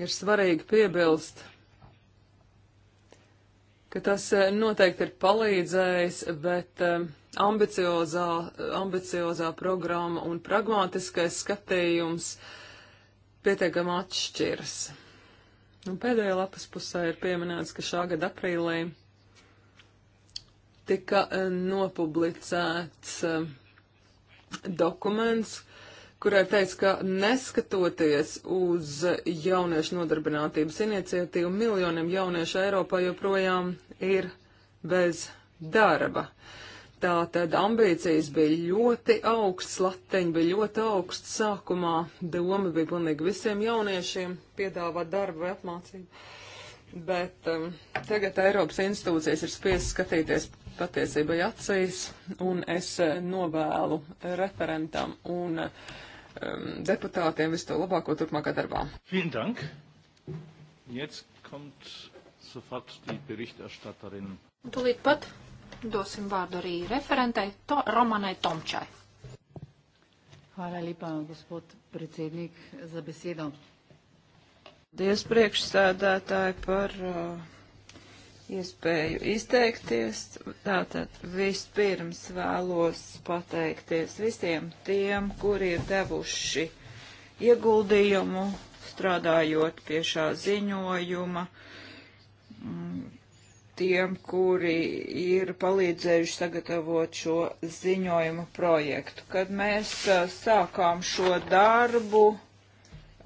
C: ir svarīgi piebilst, ka tas eh, noteikti ir palīdzējis, bet eh, ambiciozā, ambiciozā programma un pragmatiskais skatījums pietiekami atšķiras. Un pēdējā lapas pusē ir pieminēts, ka šā gada aprīlī tika eh, nopublicēts eh, dokuments, kurā ir teikts, ka neskatoties uz jauniešu nodarbinātības iniciatīvu, miljoniem jauniešu Eiropā joprojām ir bez darba. Tātad ambīcijas bija ļoti augsts, latiņa bija ļoti augsts sākumā, doma bija pilnīgi visiem jauniešiem piedāvāt darbu vai apmācību. Bet um, tagad Eiropas institūcijas ir spiesas skatīties patiesībai acīs, un es eh, novēlu referentam un um, deputātiem visu to labāko turpmākā darbā. Vielen Dank.
A: Jetzt kommt
B: sofort die Berichterstatterin.
A: Un tūlīt pat dosim vārdu arī referentai to, Romanai Tomčai.
B: Hvala lepa, gospod predsednik, za besedo. Paldies priekšsēdētāji par uh, iespēju izteikties. Tātad vispirms vēlos pateikties visiem tiem, kuri ir devuši ieguldījumu strādājot pie šā ziņojuma, mm, tiem, kuri ir palīdzējuši sagatavot šo ziņojumu projektu. Kad mēs sākām šo darbu,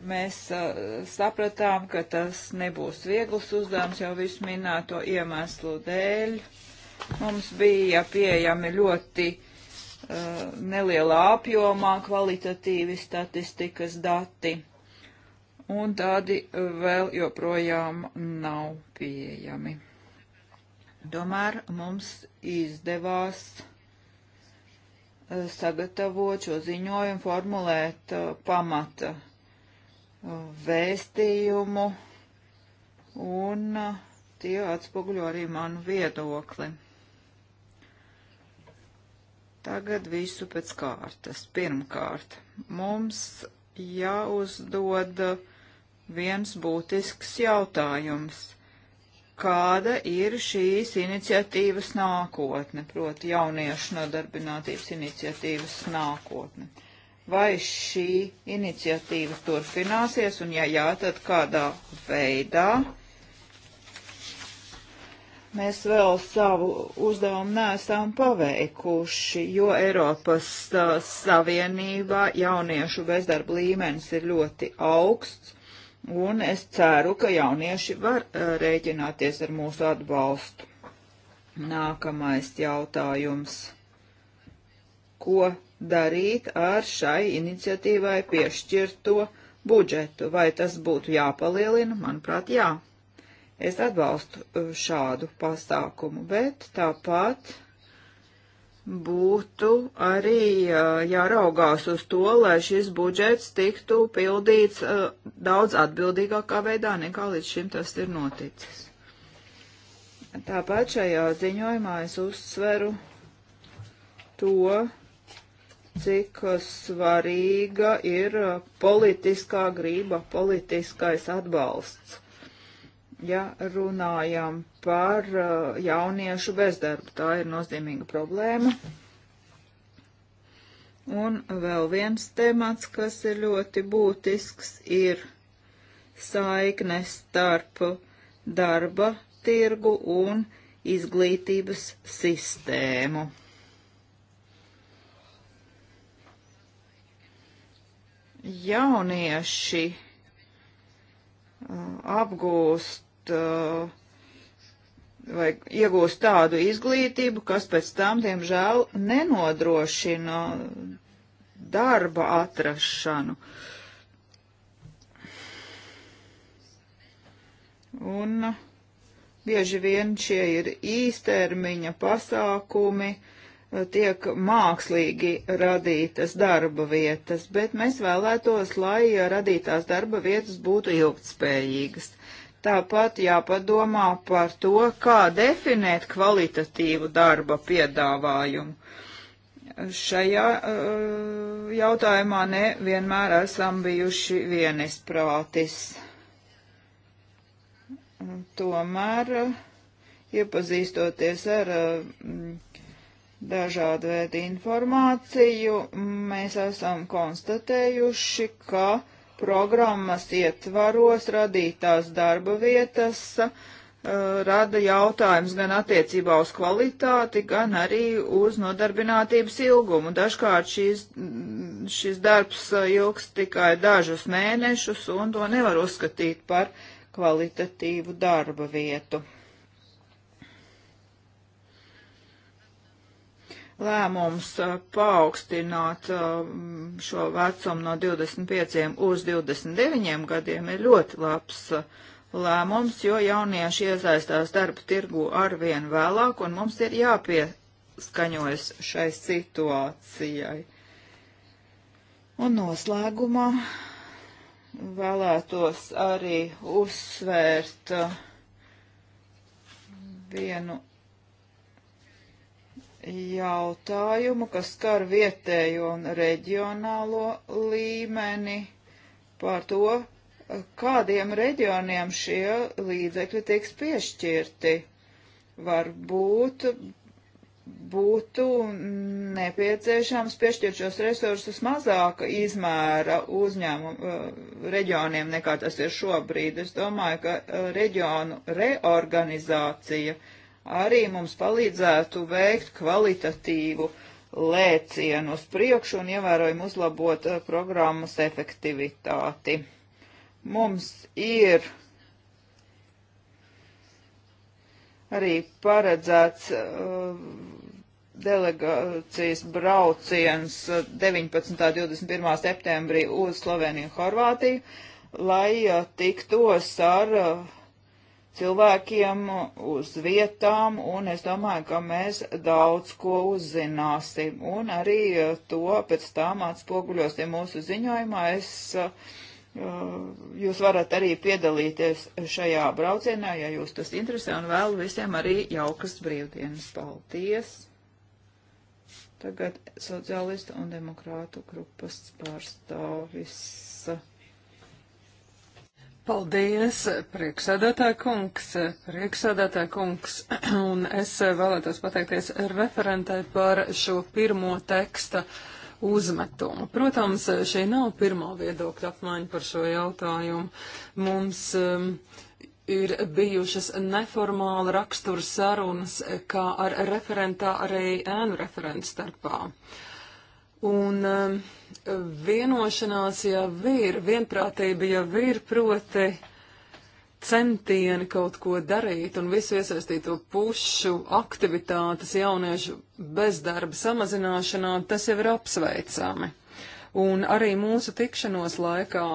B: mēs uh, sapratām, ka tas nebūs viegls uzdevums jau visu minēto iemeslu dēļ. Mums bija pieejami ļoti uh, nelielā apjomā kvalitatīvi statistikas dati, un tādi eh, vēl joprojām nav pieejami. Tomēr mums izdevās sagatavot šo ziņojumu, formulēt uh, pamata vēstījumu, un uh, tie atspoguļo arī manu viedokli. Tagad visu pēc kārtas. Pirmkārt, mums jāuzdod viens būtisks jautājums kāda ir šīs iniciatīvas nākotne, proti jauniešu nodarbinātības iniciatīvas nākotne vai šī iniciatīva turpināsies, un ja jā, tad kādā veidā. Mēs vēl savu uzdevumu neesam paveikuši, jo Eiropas uh, Savienībā jauniešu bezdarba līmenis ir ļoti augsts, un es ceru, ka jaunieši var uh, rēķināties ar mūsu atbalstu. Nākamais jautājums. Ko darīt ar šai iniciatīvai piešķirto budžetu. Vai tas būtu jāpalielina? Manuprāt, jā. Es atbalstu uh, šādu pasākumu, bet tāpat būtu arī uh, jāraugās uz to, lai šis budžets tiktu pildīts uh, daudz atbildīgākā veidā, nekā līdz šim tas ir noticis. Tāpat šajā ziņojumā es uzsveru to, cik svarīga ir uh, politiskā grība, politiskais atbalsts. Ja runājam par uh, jauniešu bezdarbu, tā ir nozīmīga problēma. Un vēl viens temats, kas ir ļoti būtisks, ir saikne starp darba tirgu un izglītības sistēmu. jaunieši uh, apgūst uh, vai iegūst tādu izglītību, kas pēc tam, diemžēl, nenodrošina darba atrašanu. Un uh, bieži vien šie ir īstermiņa pasākumi, uh, tiek mākslīgi radītas darba vietas, bet mēs vēlētos, lai radītās darba vietas būtu ilgtspējīgas. Tāpat jāpadomā par to, kā definēt kvalitatīvu darba piedāvājumu. Šajā uh, jautājumā nevienmēr esam bijuši vienisprātis. Tomēr, uh, iepazīstoties ar uh, dažādu veidu informāciju, mēs esam konstatējuši, ka programmas ietvaros radītās darba vietas uh, rada jautājums gan attiecībā uz kvalitāti, gan arī uz nodarbinātības ilgumu. Dažkārt šīs, šis darbs uh, ilgs tikai dažus mēnešus, un to nevar uzskatīt par kvalitatīvu darba vietu. lēmums uh, paaugstināt uh, šo vecumu no 25 uz 29 gadiem ir ļoti labs uh, lēmums, jo jaunieši iesaistās darba tirgu arvien vēlāk, un mums ir jāpieskaņojas šai situācijai. Un noslēgumā vēlētos arī uzsvērt vienu jautājumu, kas skar vietējo un reģionālo līmeni par to, kādiem reģioniem šie līdzekļi tiks piešķirti. Varbūt būtu nepieciešams piešķirt šos resursus mazāka izmēra uzņēmumu eh, reģioniem nekā tas ir šobrīd. Es domāju, ka eh, reģionu reorganizācija uh, arī mums palīdzētu veikt kvalitatīvu lēcienu uz priekšu un ievērojami uzlabot uh, programmas efektivitāti. Mums ir arī paredzēts uh, delegācijas brauciens 19. un 21. septembrī uz Sloveniju un Horvātiju, lai uh, tiktos ar uh, cilvēkiem uz vietām, un es domāju, ka mēs daudz ko uzzināsim, un arī eh, to pēc tām atspoguļosim mūsu ziņojumā. Es, eh, eh, jūs varat arī piedalīties šajā braucienā, ja jūs tas interesē, un vēlu visiem arī jaukas brīvdienas. Paldies! Tagad sociālistu un demokrātu grupas pārstāvis.
C: Paldies, priekšsēdētāja kungs, priekšsēdētāja kungs, *clears throat* un es vēlētos pateikties referentai par šo pirmo teksta uzmetumu. Protams, šī nav pirmā viedokļa apmaiņa par šo jautājumu. Mums um, ir bijušas neformāla rakstura sarunas, kā ar referentā, arī ēnu referentu starpā. Uh, Un um, vienošanās jau ir, vienprātība jau ir, proti centieni kaut ko darīt un visu iesaistīto pušu aktivitātes jauniešu bezdarba samazināšanā, tas jau ir apsveicami. Un arī mūsu tikšanos laikā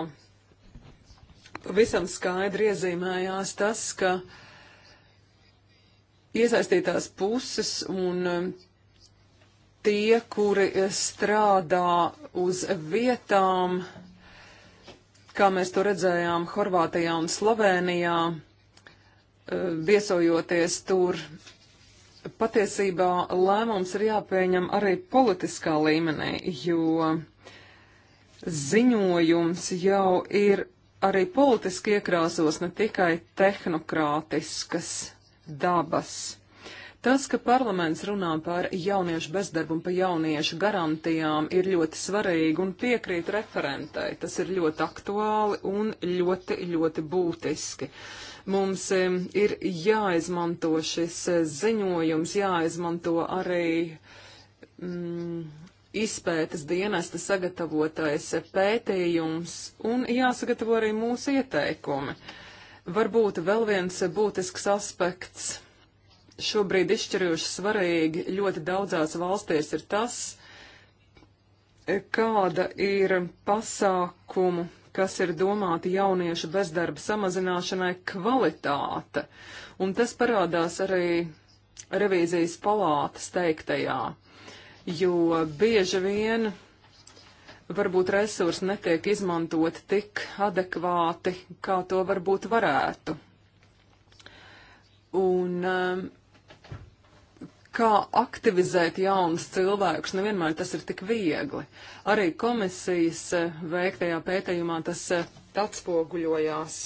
C: visam skaidri iezīmējās tas, ka iesaistītās puses un um, tie, kuri strādā uz vietām, kā mēs to redzējām Horvātijā un Slovenijā, eh, viesojoties tur. Patiesībā lēmums ir jāpieņem arī politiskā līmenī, jo ziņojums jau ir arī politiski iekrāsos ne tikai tehnokrātiskas dabas. Tas, ka parlaments runā par jauniešu bezdarbu un par jauniešu garantijām, ir ļoti svarīgi un piekrīt referentai. Tas ir ļoti aktuāli un ļoti, ļoti būtiski. Mums ir jāizmanto šis eh, ziņojums, jāizmanto arī. Mm, izpētes dienesta sagatavotais pētījums un jāsagatavo arī mūsu ieteikumi. Varbūt vēl viens būtisks aspekts šobrīd izšķiroši svarīgi ļoti daudzās valstīs ir tas, kāda ir pasākumu, kas ir domāti jauniešu bezdarba samazināšanai, kvalitāte. Un tas parādās arī revīzijas palātas teiktajā, jo bieži vien varbūt resursi netiek izmantoti tik adekvāti, kā to varbūt varētu. Un um, kā aktivizēt jaunus cilvēkus, nevienmēr tas ir tik viegli. Arī komisijas eh, veiktajā pētījumā tas eh, atspoguļojās.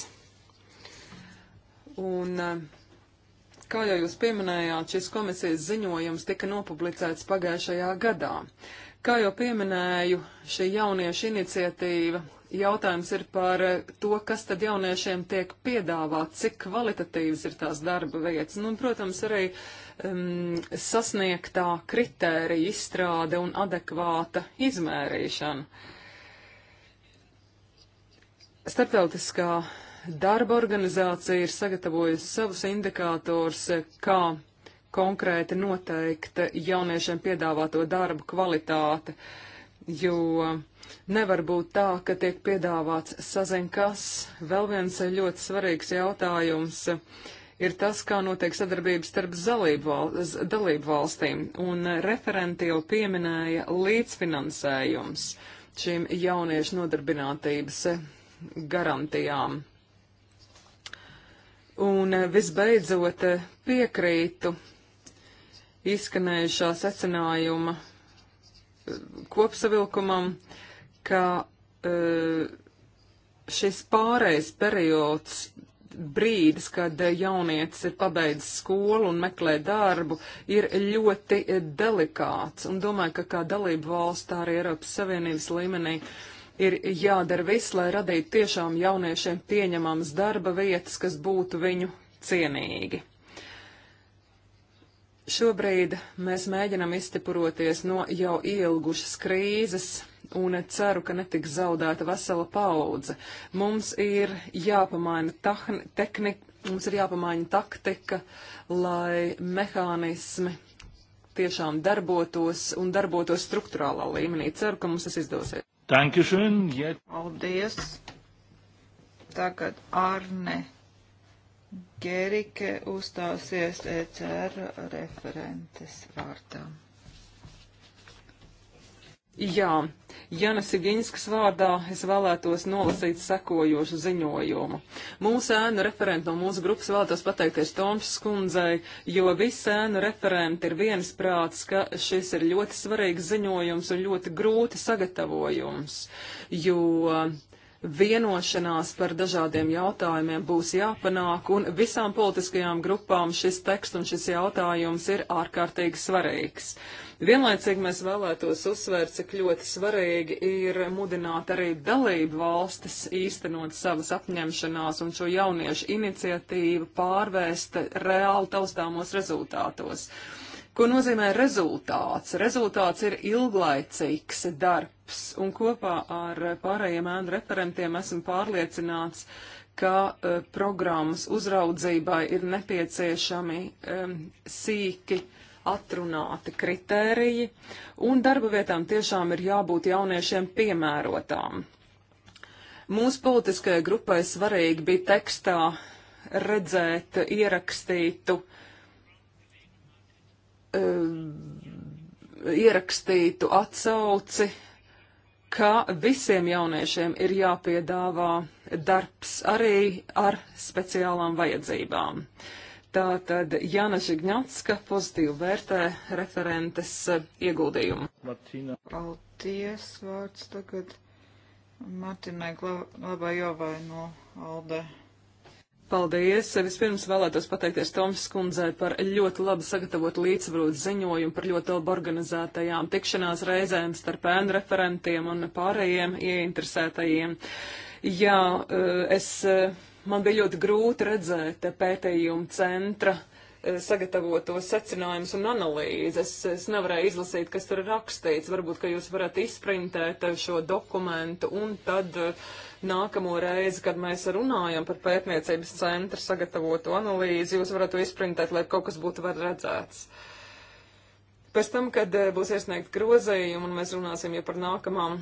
C: Un, eh, kā jau jūs pieminējāt, šis komisijas ziņojums tika nopublicēts pagājušajā gadā. Kā jau pieminēju, šī jauniešu iniciatīva jautājums ir par to, kas tad jauniešiem tiek piedāvāts, cik kvalitatīvas ir tās darba vietas. Nu, un, protams, arī uh, um, sasniegtā kritērija izstrāde un adekvāta izmērīšana. Starptautiskā darba organizācija ir sagatavojusi savus indikātors, kā konkrēti noteikt jauniešiem piedāvāto darbu kvalitāti, jo nevar būt tā, ka tiek piedāvāts sazinkas. Vēl viens ļoti svarīgs jautājums. Uh, ir tas, kā notiek sadarbības starp valsts, dalību valstīm, un referenti jau pieminēja līdzfinansējums šīm jauniešu nodarbinātības garantijām. Un visbeidzot piekrītu izskanējušā secinājuma eh, kopsavilkumam, ka eh, šis pārejas periods brīdis, kad jaunietis ir pabeidzis skolu un meklē darbu, ir ļoti delikāts. Un domāju, ka kā dalību valsts, tā arī Eiropas Savienības līmenī ir jādara viss, lai radītu tiešām jauniešiem pieņemamas darba vietas, kas būtu viņu cienīgi. Šobrīd mēs mēģinam iztipuroties no jau ielgušas krīzes, un ceru, ka netiks zaudēta vesela paudze. Mums ir jāpamaina tahni, tehnika, mums ir jāpamaina taktika, lai mehānismi tiešām darbotos un darbotos struktūrālā līmenī. Ceru, ka mums tas izdosies.
B: Dankeschön, jet.
C: Paldies. Tagad Arne Gerike uzstāsies ECR referentes vārtām. Jā, Jana Sigiņskas vārdā es vēlētos nolasīt sekojošu ziņojumu. Mūsu ēnu referenta no mūsu grupas vēlētos pateikties Toms skundzei, jo visi ēnu referenti ir vienas prāts, ka šis ir ļoti svarīgs ziņojums un ļoti grūti sagatavojums, jo vienošanās par dažādiem jautājumiem būs jāpanāk, un visām politiskajām grupām šis teksts un šis jautājums ir ārkārtīgi svarīgs. Vienlaicīgi mēs vēlētos uzsvērt, cik ļoti svarīgi ir mudināt arī dalību valstis īstenot savas apņemšanās un šo jauniešu iniciatīvu pārvērst reāli taustāmos rezultātos. Ko nozīmē rezultāts? Rezultāts ir ilglaicīgs darbs, un kopā ar pārējiem ēnu referentiem esmu pārliecināts, ka uh, programmas uzraudzībai ir nepieciešami um, sīki uh, atrunāti kritēriji, un darba vietām tiešām ir jābūt jauniešiem piemērotām. Mūsu politiskajai grupai svarīgi bija tekstā redzēt ierakstītu, e, ierakstītu atsauci, ka visiem jauniešiem ir jāpiedāvā darbs arī ar speciālām vajadzībām. Uh, Tātad Jāna Žigņatska pozitīvi vērtē referentes eh, ieguldījumu. Martina.
B: Paldies, vārds tagad Martinai Glabājovai no Alde.
C: Paldies! Vispirms vēlētos pateikties Toms skundzei par ļoti labi sagatavotu līdzsvarotu ziņojumu par ļoti labi organizētajām tikšanās reizēm starp ēnu referentiem un pārējiem ieinteresētajiem. Jā, eh, es eh, Man bija ļoti grūti redzēt pētījumu centra eh, sagatavotos secinājumus un analīzes. Es nevarēju izlasīt, kas tur ir rakstīts. Varbūt, ka jūs varat izprintēt šo dokumentu un tad eh, nākamo reizi, kad mēs runājam par pētniecības centra sagatavotu analīzi, jūs varat to izprintēt, lai kaut kas būtu var redzēts. Pēc tam, kad eh, būs iesniegt grozējumi un mēs runāsim jau par nākamām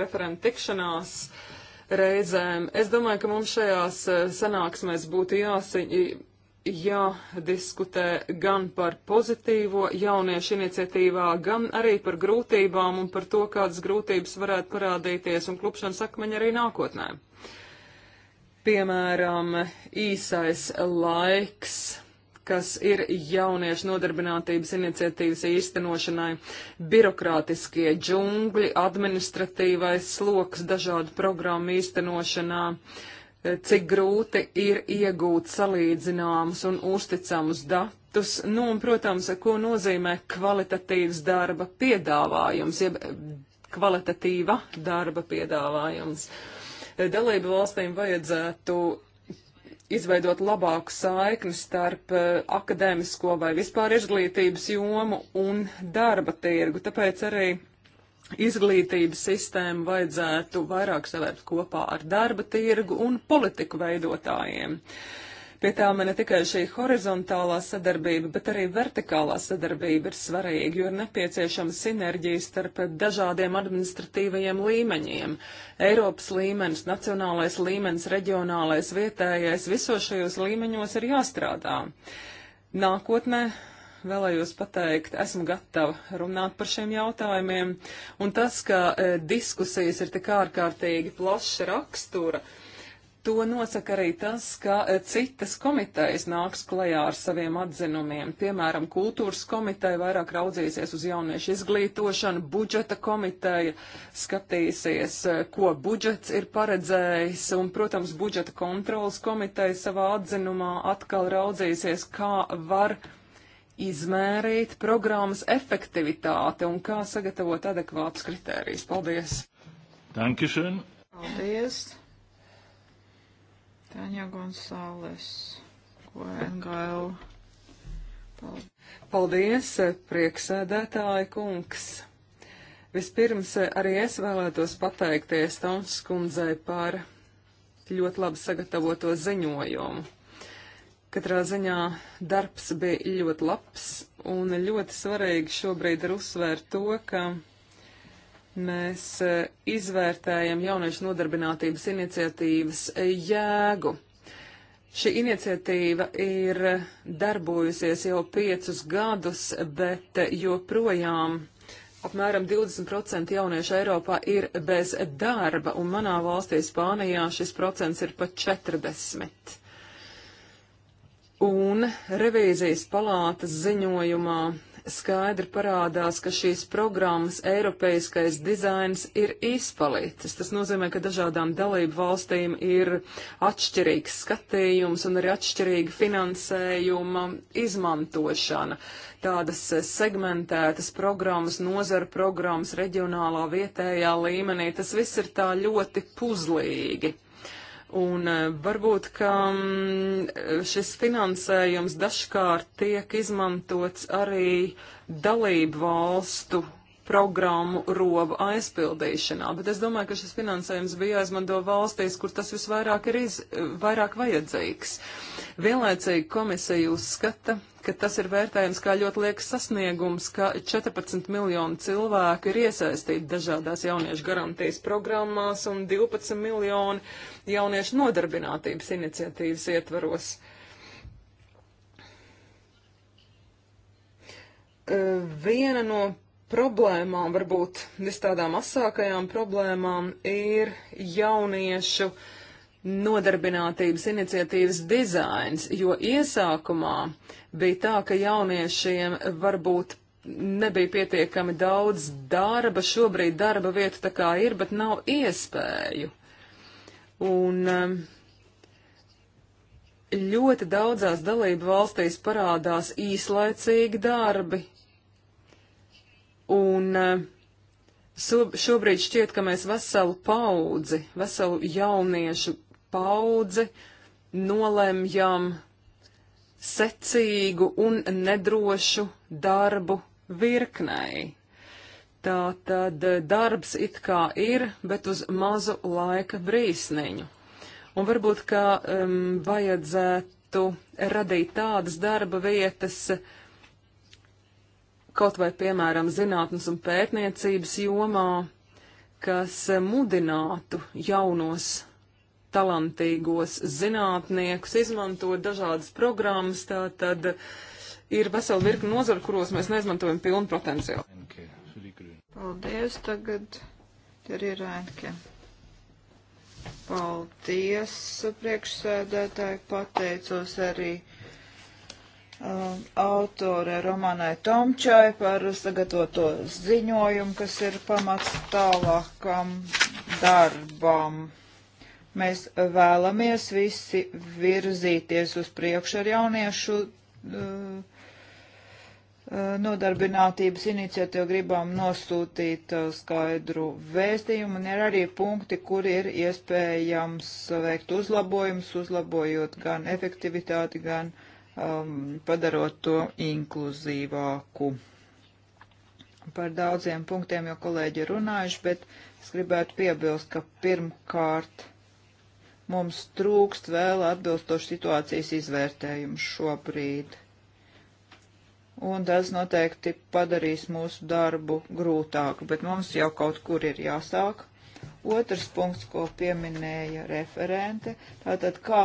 C: referentu tikšanās, uh, reizēm. Es domāju, ka mums šajās eh, sanāksmēs būtu jāsi, jādiskutē gan par pozitīvo jauniešu iniciatīvā, gan arī par grūtībām un par to, kādas grūtības varētu parādīties un klupšanas akmeņi arī nākotnē. Piemēram, īsais laiks kas ir jauniešu nodarbinātības iniciatīvas īstenošanai, birokrātiskie džungļi, administratīvais sloks dažādu programmu īstenošanā, e, cik grūti ir iegūt salīdzināmus un uzticamus datus, nu un, protams, ko nozīmē kvalitatīvs darba piedāvājums, jeb e, kvalitatīva darba piedāvājums. E, dalību valstīm vajadzētu izveidot labāku saikni starp eh, akadēmisko vai vispār izglītības jomu un darba tirgu. Tāpēc arī izglītības sistēmu vajadzētu vairāk savērt kopā ar darba tirgu un politiku veidotājiem. Uh, Pie tām ne tikai šī horizontālā sadarbība, bet arī vertikālā sadarbība ir svarīga, jo ir nepieciešama sinerģija starp dažādiem administratīvajiem līmeņiem - Eiropas līmenis, nacionālais līmenis, reģionālais, vietējais - visos šajos līmeņos ir jāstrādā. Nākotnē vēlējos pateikt, esmu gatava runāt par šiem jautājumiem, un tas, ka e, diskusijas ir tik ārkārtīgi plaša rakstura, e, To nosaka arī tas, ka e, citas komitejas nāks klajā ar saviem atzinumiem. Piemēram, kultūras komiteja vairāk raudzīsies uz jauniešu izglītošanu, budžeta komiteja skatīsies, e, ko budžets ir paredzējis, un, protams, budžeta kontrolas komiteja savā atzinumā atkal raudzīsies, kā var izmērīt programmas efektivitāti un kā sagatavot adekvātus kritērijus. Paldies!
B: Dankeschön!
C: Paldies! Tāņa Gonzāles, ko NGL. Paldies, Paldies prieksēdētāji kungs. Vispirms arī es vēlētos pateikties Tons kundzei par ļoti labi sagatavoto ziņojumu. Katrā ziņā darbs bija ļoti labs un ļoti svarīgi šobrīd ir uzsvērt to, ka mēs e, izvērtējam jauniešu nodarbinātības iniciatīvas e, jēgu. Šī iniciatīva ir darbojusies jau piecus gadus, bet joprojām apmēram 20% jauniešu Eiropā ir bez darba, un manā valstī Spānijā šis procents ir pat 40. Un revīzijas palātas ziņojumā skaidri parādās, ka šīs programmas Eiropeiskais dizains ir izpalicis. Tas nozīmē, ka dažādām dalību valstīm ir atšķirīgs skatījums un arī atšķirīga finansējuma izmantošana. Tādas segmentētas programmas, nozara programmas, reģionālā, vietējā līmenī, tas viss ir tā ļoti puzlīgi. Un eh, varbūt, ka mm, šis finansējums dažkārt tiek izmantots arī dalību valstu programmu robu aizpildīšanā, bet es domāju, ka šis finansējums bija jāizmanto valstīs, kur tas visvairāk ir iz, vairāk vajadzīgs. Uh, Vienlaicīgi komisija uzskata, ka tas ir vērtējams kā ļoti liekas sasniegums, ka 14 miljonu cilvēku ir iesaistīti dažādās jauniešu garantijas programmās un 12 miljonu jauniešu nodarbinātības iniciatīvas ietvaros. Viena no problēmām, varbūt vis tādām asākajām problēmām, ir jauniešu uh, nodarbinātības iniciatīvas dizains, jo iesākumā bija tā, ka jauniešiem varbūt nebija pietiekami daudz darba, šobrīd darba vietu tā kā ir, bet nav iespēju. Un um, ļoti daudzās dalību valstīs parādās īslaicīgi darbi, un um, šobrīd šķiet, ka mēs veselu paudzi, veselu jauniešu paudzi nolemjam secīgu un nedrošu darbu virknei. Tā tad darbs it kā ir, bet uz mazu laika brīsniņu. Un varbūt, ka um, vajadzētu radīt tādas darba vietas, kaut vai, piemēram, zinātnes un pētniecības jomā, kas mudinātu jaunos talantīgos zinātniekus, izmantot dažādas programmas, tā tad ir vesela virkni nozara, kuros mēs neizmantojam pilnu potenciālu.
B: Paldies, tagad ir Irēnke. Paldies, priekšsēdētāji, pateicos arī um, autore Romanai Tomčai par sagatavoto ziņojumu, kas ir pamats tālākam darbam. Mēs vēlamies visi virzīties uz priekšu ar jauniešu uh, uh nodarbinātības iniciatīvu gribam nosūtīt uh, skaidru vēstījumu, un ir arī punkti, kur ir iespējams veikt uzlabojumus, uzlabojot gan efektivitāti, gan um, padarot to inkluzīvāku. Par daudziem punktiem jau kolēģi runājuši, bet es gribētu piebilst, ka pirmkārt Mums trūkst vēl atbilstoši situācijas izvērtējums šobrīd. Un tas noteikti padarīs mūsu darbu grūtāku, bet mums jau kaut kur ir jāsāk. Otrs punkts, ko pieminēja referente, tātad kā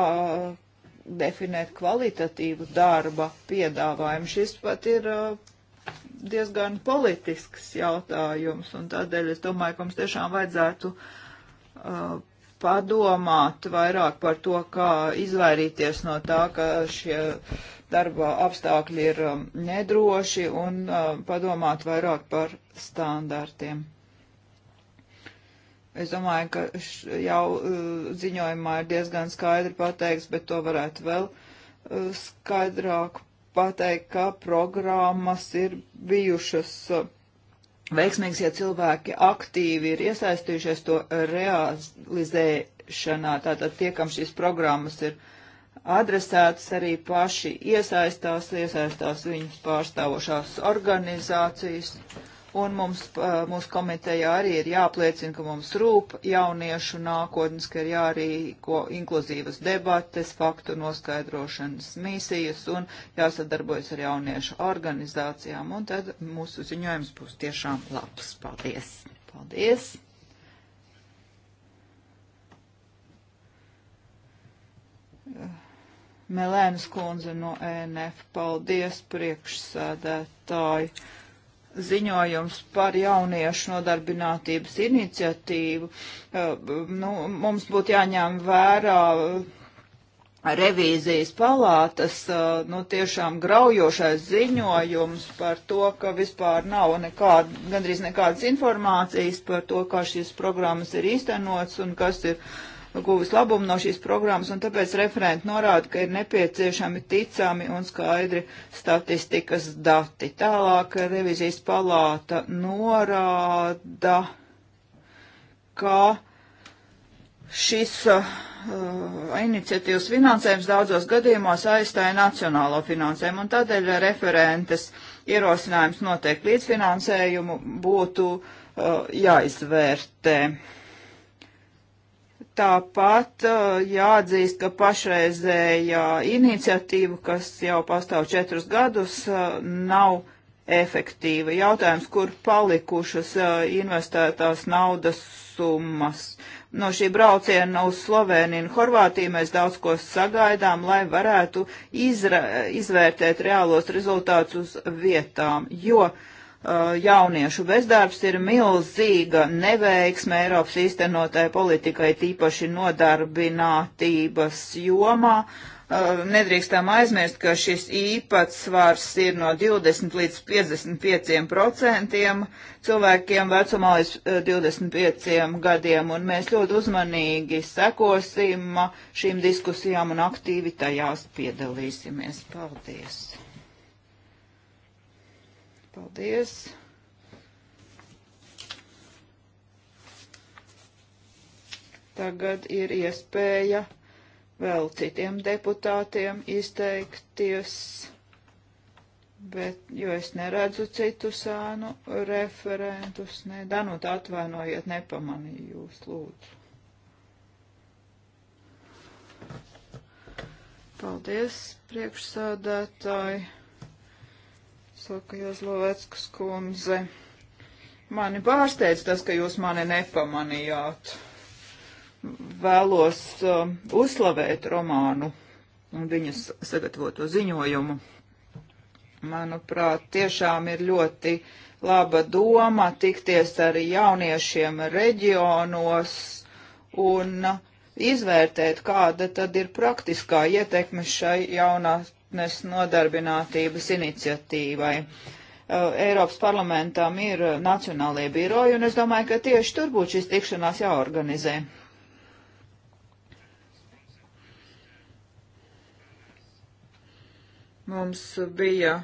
B: definēt kvalitatīvu darba piedāvājumu. Šis pat ir diezgan politisks jautājums, un tādēļ es domāju, ka mums tiešām vajadzētu uh, padomāt vairāk par to, kā izvairīties no tā, ka šie darba apstākļi ir um, nedroši un um, padomāt vairāk par standartiem. Es domāju, ka š, jau uh, ziņojumā ir diezgan skaidri pateikts, bet to varētu vēl uh, skaidrāk pateikt, ka programmas ir bijušas uh, veiksmīgs, ja cilvēki aktīvi ir iesaistījušies to realizēšanā, tātad tie, kam šīs programmas ir adresētas, arī paši iesaistās, iesaistās viņus pārstāvošās organizācijas. Uh, un mums, mūsu komitejā arī ir jāpliecina, ka mums rūp jauniešu nākotnes, ka ir jārīko inkluzīvas debates, faktu noskaidrošanas misijas un jāsadarbojas ar jauniešu organizācijām, un tad mūsu ziņojums būs tiešām labs. Paldies! Paldies! Melēnas kundze no ENF, paldies priekšsēdētāji ziņojums par jauniešu nodarbinātības iniciatīvu. Eh, nu, mums būtu jāņem vērā revīzijas palātas eh, nu, tiešām graujošais ziņojums par to, ka vispār nav nekāda, gandrīz nekādas informācijas par to, kā šīs programmas ir īstenots un kas ir guvis labumu no šīs programmas, un tāpēc referenti norāda, ka ir nepieciešami ticami un skaidri statistikas dati. Tālāk revizijas palāta norāda, ka šis uh, iniciatīvas finansējums daudzos gadījumos aizstāja nacionālo finansējumu, un tādēļ referentes ierosinājums noteikti līdzfinansējumu būtu uh, jāizvērtē. Uh, Tāpat uh, jāatzīst, ka pašreizējā iniciatīva, kas jau pastāv četrus gadus, uh, nav efektīva. Jautājums, kur palikušas uh, investētās naudas summas. No šī brauciena uz Sloveniju un Horvātiju mēs daudz ko sagaidām, lai varētu izra, izvērtēt reālos rezultātus uz vietām, jo uh, Uh, jauniešu bezdarbs ir milzīga neveiksme Eiropas īstenotāja politikai, tīpaši nodarbinātības jomā. Uh, nedrīkstam aizmirst, ka šis īpatsvars ir no 20 līdz 55 procentiem cilvēkiem vecumā līdz 25 uh, gadiem, un mēs ļoti uzmanīgi sekosim šīm diskusijām un aktīvi tajās piedalīsimies. Paldies! Paldies! Tagad ir iespēja vēl citiem deputātiem izteikties, bet, jo es neredzu citu sānu referentus, ne, Danut, atvainojiet, nepamanīju jūs, lūdzu. Paldies, priekšsādātāji saka Jozloveckas kundze. Mani pārsteidz tas, ka jūs mani nepamanījāt. Vēlos uh, uzslavēt romānu un viņas sagatavoto ziņojumu. Manuprāt, tiešām ir ļoti laba doma tikties ar jauniešiem reģionos un izvērtēt, kāda tad ir praktiskā ietekme šai jaunās nākotnes nodarbinātības iniciatīvai. Uh, Eiropas parlamentam ir nacionālie biroji, un es domāju, ka tieši tur būtu šis tikšanās jāorganizē. Mums bija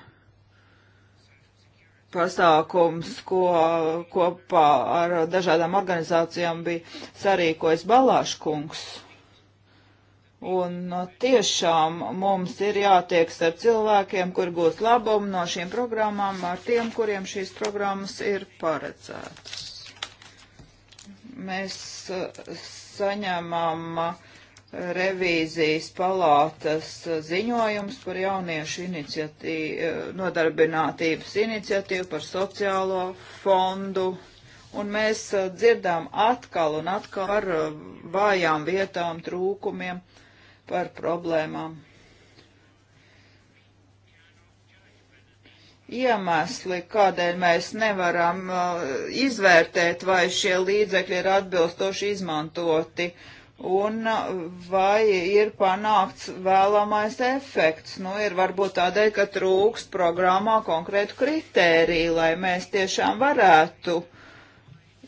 B: pasākums, ko kopā ar dažādām organizācijām bija sarīkojis Balāškungs. kungs Un nu, tiešām mums ir jātieks ar cilvēkiem, kur gūs labumu no šīm programmām, ar tiem, kuriem šīs programmas ir paredzētas. Mēs uh, saņemam uh, revīzijas palātas uh, ziņojums par jauniešu iniciatīvu, nodarbinātības iniciatīvu, par sociālo fondu, un mēs dzirdām atkal un atkal par vājām vietām, trūkumiem. Uh, par problēmām. Iemesli, kādēļ mēs nevaram uh, izvērtēt, vai šie līdzekļi ir atbilstoši izmantoti un uh, vai ir panākts vēlamais efekts. Nu, ir varbūt tādēļ, ka trūkst programmā konkrētu kritēriju, lai mēs tiešām varētu uh,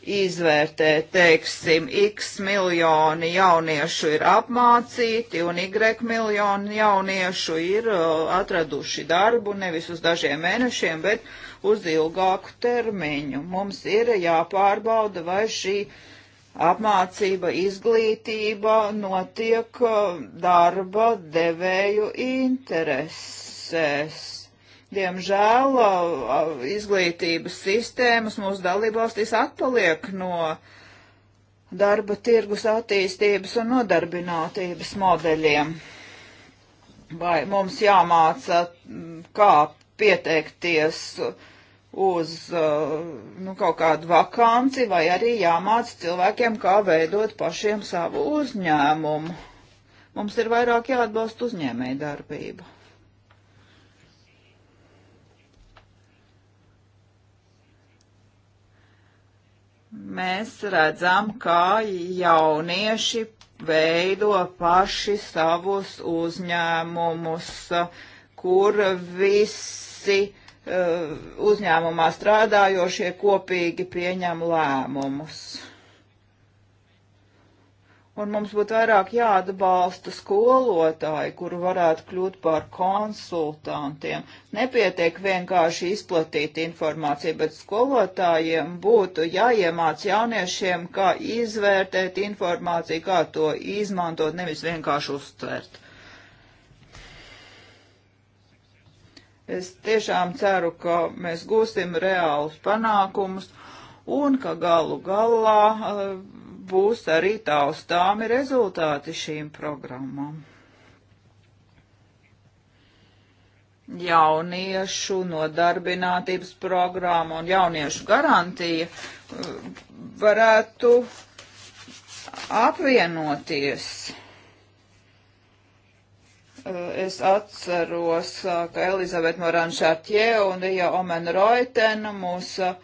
B: izvērtē, teiksim, x miljoni jauniešu ir apmācīti un y miljoni jauniešu ir uh, atraduši darbu nevis uz dažiem mēnešiem, bet uz ilgāku termiņu. Mums ir jāpārbauda, vai šī apmācība, izglītība notiek uh, darba devēju interesēs Diemžēl izglītības sistēmas mūsu dalībvalstīs atpaliek no darba tirgus attīstības un nodarbinātības modeļiem. Vai mums jāmāca, kā pieteikties uz nu, kaut kādu vakanci, vai arī jāmāca cilvēkiem, kā veidot pašiem savu uzņēmumu. Mums ir vairāk jāatbalsta uzņēmējdarbība. mēs redzam, kā jaunieši veido paši savus uzņēmumus, kur visi uh, uzņēmumā strādājošie kopīgi pieņem lēmumus un mums būtu vairāk jāatbalsta skolotāji, kuru varētu kļūt par konsultantiem. Nepietiek vienkārši izplatīt informāciju, bet skolotājiem būtu jāiemāc jauniešiem, kā izvērtēt informāciju, kā to izmantot, nevis vienkārši uztvert. Es tiešām ceru, ka mēs gūsim reālus panākumus un ka galu galā uh, būs arī taustāmi rezultāti šīm programmām. Jauniešu nodarbinātības programma un jauniešu garantija uh, varētu apvienoties. Uh, es atceros, uh, ka Elizabete Moranšārķie un Dija Omen Roitena mūsu uh,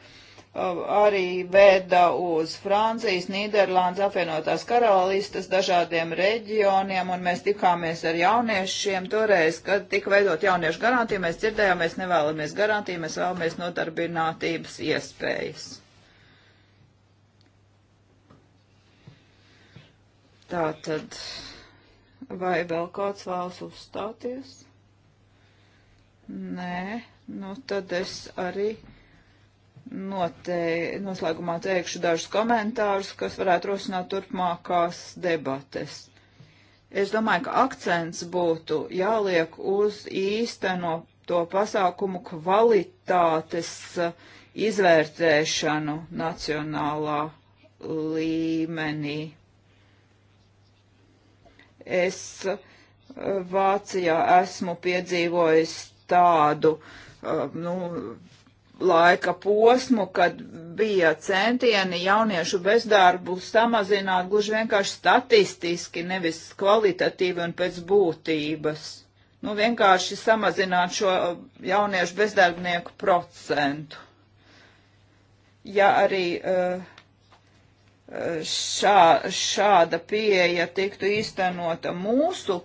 B: arī veda uz Francijas, Nīderlandes, apvienotās karalistas dažādiem reģioniem, un mēs tikāmies ar jauniešiem. Toreiz, kad tika veidot jauniešu garantiju, mēs dzirdējām, mēs nevēlamies garantiju, mēs vēlamies nodarbinātības iespējas. Tā tad, vai vēl kāds vēlas uzstāties? Nē, nu tad es arī Notei, noslēgumā teikšu dažus komentārus, kas varētu rosināt turpmākās debates. Es domāju, ka akcents būtu jāliek uz īsteno to pasākumu kvalitātes uh, izvērtēšanu nacionālā līmenī. Es uh, Vācijā esmu piedzīvojis tādu, uh, nu, laika posmu, kad bija centieni jauniešu bezdarbu samazināt gluži vienkārši statistiski, nevis kvalitatīvi un pēc būtības. Nu, vienkārši samazināt šo jauniešu bezdarbnieku procentu. Ja arī eh, eh, šā, šāda pieeja tiktu īstenota mūsu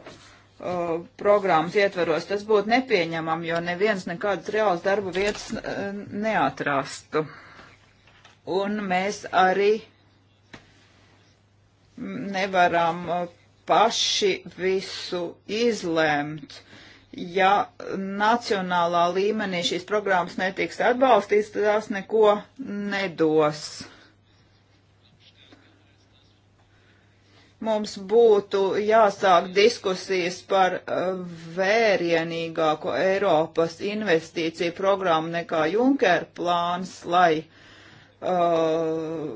B: uh, programmas ietveros. Tas būtu nepieņemam, jo neviens nekādas reāls darba vietas uh, neatrastu. Un mēs arī nevaram uh, paši visu izlemt. Ja nacionālā līmenī šīs programmas netiks atbalstīts, tad tās neko nedos. mums būtu jāsāk diskusijas par uh, vērienīgāko Eiropas investīciju programmu nekā Junker plāns, lai uh,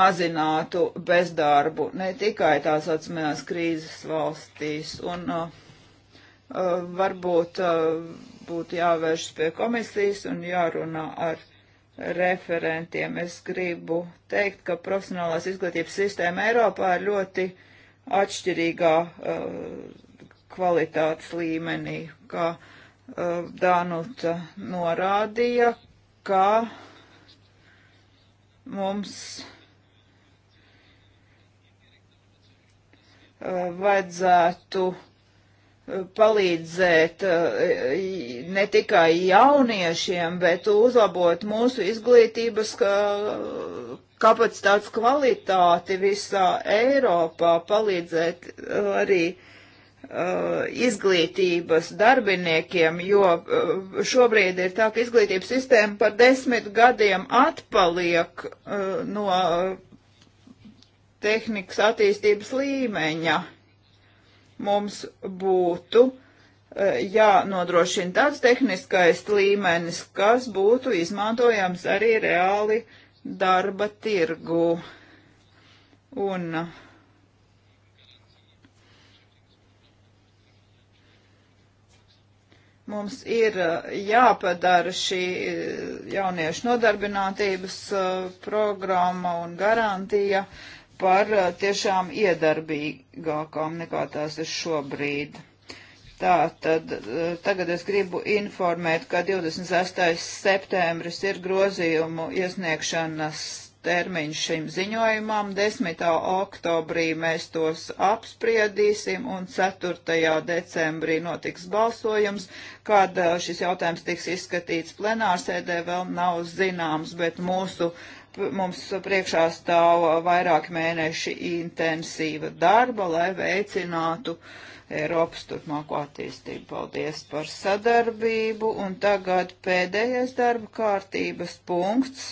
B: mazinātu bezdarbu ne tikai tās atsmējās krīzes valstīs. Un uh, uh, varbūt uh, būtu jāvēršas pie komisijas un jārunā ar referentiem. Es gribu teikt, ka profesionālās izglītības sistēma Eiropā ir ļoti atšķirīgā uh, kvalitātes līmenī, kā uh, Danuta norādīja, ka mums uh, vajadzētu uh, palīdzēt eh, ne tikai jauniešiem, bet uzlabot mūsu izglītības kapacitātes kvalitāti visā Eiropā, palīdzēt eh, arī eh, izglītības darbiniekiem, jo šobrīd ir tā, ka izglītības sistēma par desmit gadiem atpaliek no tehnikas attīstības līmeņa. Uh, mums būtu e, jānodrošina tāds tehniskais līmenis, kas būtu izmantojams arī reāli darba tirgu. Un mums ir e, jāpadara šī e, jauniešu nodarbinātības programma un garantija uh, par eh, tiešām iedarbīgākām nekā tās ir šobrīd. Tā tad eh, tagad es gribu informēt, ka 26. septembris ir grozījumu iesniegšanas termiņš šim ziņojumam, 10. oktobrī mēs tos apspriedīsim un 4. decembrī notiks balsojums, kad eh, šis jautājums tiks izskatīts plenārsēdē, vēl nav zināms, bet mūsu uh, mums priekšā stāv vairāki mēneši intensīva darba, lai veicinātu Eiropas turpmāko attīstību. Paldies par sadarbību. Un tagad pēdējais darba kārtības punkts.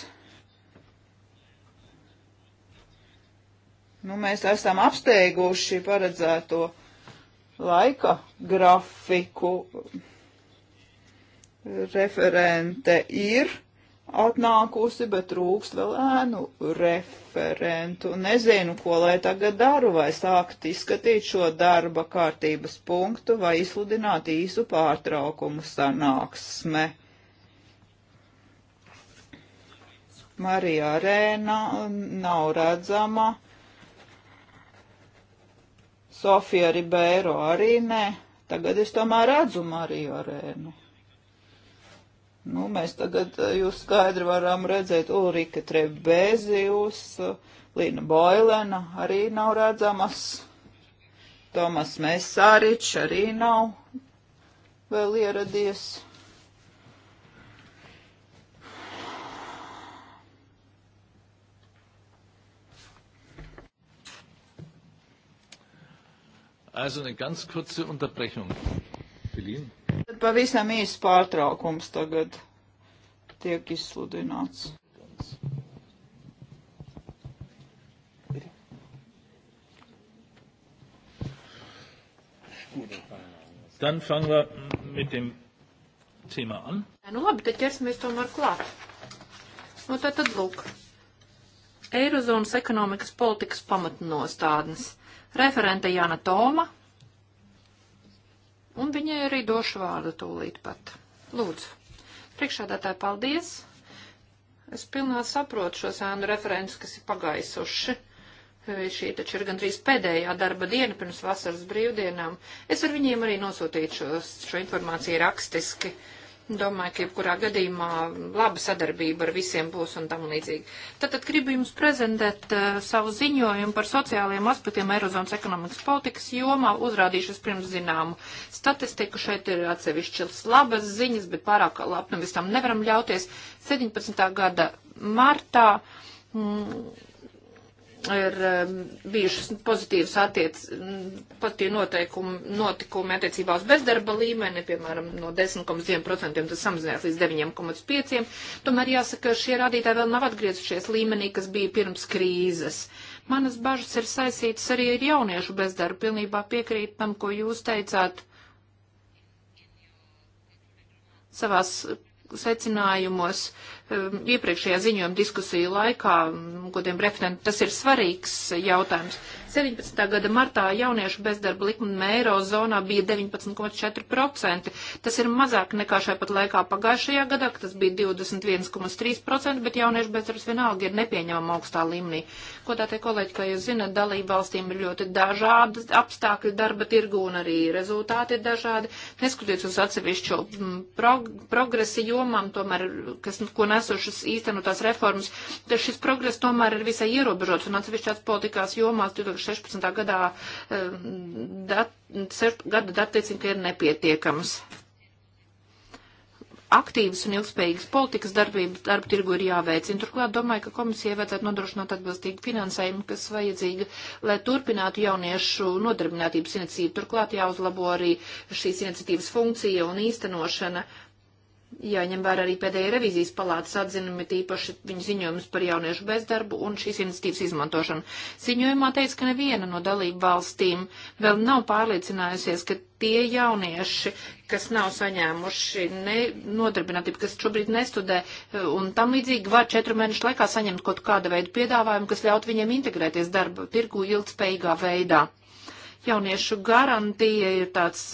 B: Nu, mēs esam apsteiguši paredzēto laika grafiku. Referente ir atnākusi, bet trūkst vēl ēnu referentu. Nezinu, ko lai tagad daru, vai sākt izskatīt šo darba kārtības punktu, vai izsludināt īsu pārtraukumu sanāksme. Marija Arēna nav redzama. Sofija Ribeiro arī nē. Tagad es tomēr redzu Mariju Arēnu. Nu, mēs tagad eh, jūs skaidri varam redzēt Ulrika Trebezijus, Lina Boilena arī nav redzamas, Tomas Mesāričs arī nav vēl ieradies.
A: Also eine ganz kurze Unterbrechung. Berlin.
B: Pavisam īsts pārtraukums tagad tiek izsludināts.
A: Dann fangen wir mit dem Thema an. Ja, nu labi, tad ķersimies tomēr klāt. Nu, tad, tad lūk. Eirozonas ekonomikas politikas pamatnostādnes. Referente Jana Toma, un viņai arī došu vārdu tūlīt pat. Lūdzu. Priekšādātāji, paldies! Es pilnā saprotu šos ēnu referentus, kas ir pagaisuši. Šī taču ir gandrīz pēdējā darba diena pirms vasaras brīvdienām. Es ar viņiem arī nosūtīju šos, šo informāciju rakstiski. Uh, Domāju, ka jebkurā gadījumā laba sadarbība ar visiem būs un tam līdzīgi. Tātad gribu jums prezentēt uh, savu ziņojumu par sociālajiem aspektiem Eirozonas ekonomikas politikas jomā. Uzrādīšu pirms zināmu statistiku. Šeit ir atsevišķas labas ziņas, bet pārāk labnam nu, visam nevaram ļauties. 17. gada martā. Mm, ir um, bijušas pozitīvas attiec, mm, pozitīvi noteikumi, notikumi attiecībā uz bezdarba līmeni, piemēram, no 10,2% tas samazinās līdz 9,5%. Tomēr jāsaka, šie rādītāji vēl nav atgriezušies līmenī, kas bija pirms krīzes. Manas bažas ir saistītas arī ar jauniešu bezdarbu. Pilnībā piekrīt tam, ko jūs teicāt savās secinājumos Um, iepriekšējā ziņojuma diskusiju laikā, um, godiem referenti, tas ir svarīgs jautājums. 17. gada martā jauniešu bezdarba likme eirozonā bija 19,4%. Tas ir mazāk nekā šai pat laikā pagājušajā gadā, kad tas bija 21,3%, bet jauniešu bezdarbs vienalga ir nepieņemama augstā līmenī. Ko tā te kolēģi, kā jūs zinat, dalību valstīm ir ļoti dažādi apstākļi darba tirgu un arī rezultāti ir dažādi. Neskatoties uz atsevišķo mm, prog progresi jomām, tomēr, kas, ko nes nesušas īstenotās reformas, tad šis progress tomēr ir visai ierobežots un atsevišķās politikās jomās 2016. gadā eh, dat, gada datiecinka ir nepietiekams aktīvas un ilgspējīgas politikas darbības darba tirgu ir jāveicina. Turklāt domāju, ka komisijai vajadzētu nodrošināt atbilstīgu finansējumu, kas vajadzīga, lai turpinātu jauniešu nodarbinātības iniciatīvu. Turklāt jāuzlabo arī šīs iniciatīvas funkcija un īstenošana. Uh, Jāņem vērā arī pēdējie revizijas palātas atzinumi, tīpaši viņa ziņojums par jauniešu bezdarbu un šīs iniciatīvas izmantošanu. Ziņojumā teica, ka neviena no dalību valstīm vēl nav pārliecinājusies, ka tie jaunieši, kas nav saņēmuši ne, nodarbinātību, kas šobrīd nestudē un tam līdzīgi, var četru mēnešu laikā saņemt kaut kādu veidu piedāvājumu, kas ļaut viņiem integrēties darba tirgu ilgspējīgā veidā jauniešu garantija ir tāds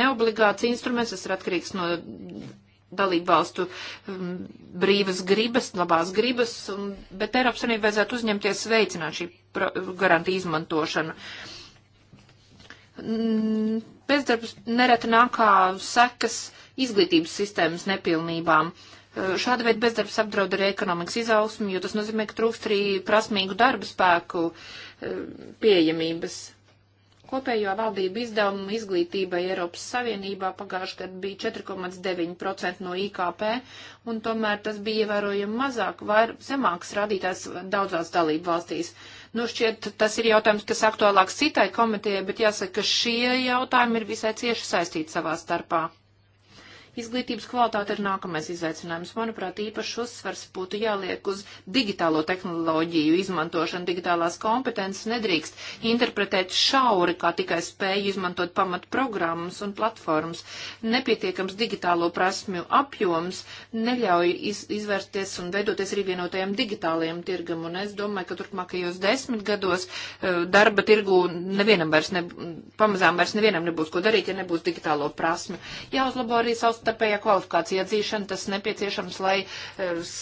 A: neobligāts instruments, tas ir atkarīgs no dalību valstu um, brīvas gribas, labās gribas, un, bet Eiropas Savienībai vajadzētu uzņemties veicināt šī garantija izmantošanu. Mm, bezdarbs nereti nāk kā sekas izglītības sistēmas nepilnībām. Uh, šāda veida bezdarbs apdraud arī ekonomikas izaugsmu, jo tas nozīmē, ka trūkst arī prasmīgu darba spēku uh, pieejamības. Kopējo valdību izdevumu izglītībai Eiropas Savienībā pagājuši gadu bija 4,9% no IKP, un tomēr tas bija ievērojami mazāk, vair, zemāks rādītājs daudzās dalību valstīs. Nu, šķiet, tas ir jautājums, kas aktuālāks citai komitejai, bet jāsaka, ka šie jautājumi ir visai cieši saistīti savā starpā. Izglītības kvalitāte ir nākamais izaicinājums. Manuprāt, īpašs uzsvars būtu jāliek uz digitālo tehnoloģiju izmantošanu, digitālās kompetences nedrīkst interpretēt šauri, kā tikai spēju izmantot pamat programmas un platformas. Nepietiekams digitālo prasmju apjoms neļauj iz, izvērsties un veidoties arī vienotajam digitālajam tirgam, un es domāju, ka turpmākajos desmit gados eh, darba tirgu nevienam vairs, ne, pamazām vairs nevienam nebūs ko darīt, ja nebūs digitālo prasmju. Jāuzlabo arī savs savstarpējā kvalifikācija atzīšana, tas nepieciešams, lai eh,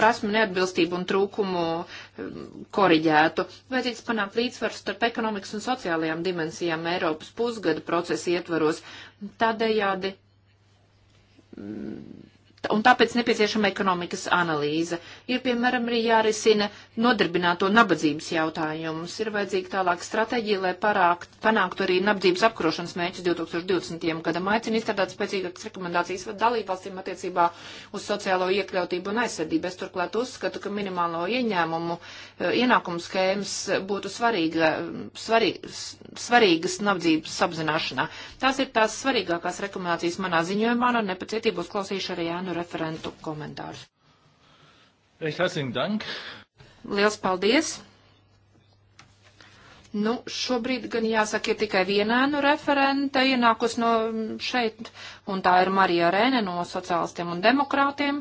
A: prasmu neatbilstību un trūkumu eh, koriģētu. Vajadzīgs panākt līdzsvaru starp ekonomikas un sociālajām dimensijām Eiropas pusgada procesa ietvaros. Tādējādi
C: mm,
A: un tāpēc nepieciešama ekonomikas analīze. Ir, piemēram, arī jārisina nodarbināto nabadzības jautājumus. Ir vajadzīga tālāk stratēģija, lai parākt, panāktu arī nabadzības apkarošanas mērķus 2020. gadam. Aicinu izstrādāt spēcīgākas rekomendācijas dalībvalstīm attiecībā uz sociālo iekļautību un aizsardzību. Es turklāt uzskatu, ka minimālo ieņēmumu eh, ienākumu skēmas būtu svarīga, svarīga, svarīgas nabadzības apzināšanā. Tās ir tās svarīgākās rekomendācijas manā ziņojumā, un nepacietību uzklausīšu arī Jānu ēnu referentu komentārus. Liels paldies! Nu, šobrīd gan jāsaka, ir tikai viena ēnu referente ienākus no šeit, un tā ir Marija Rēne no sociālistiem un demokrātiem.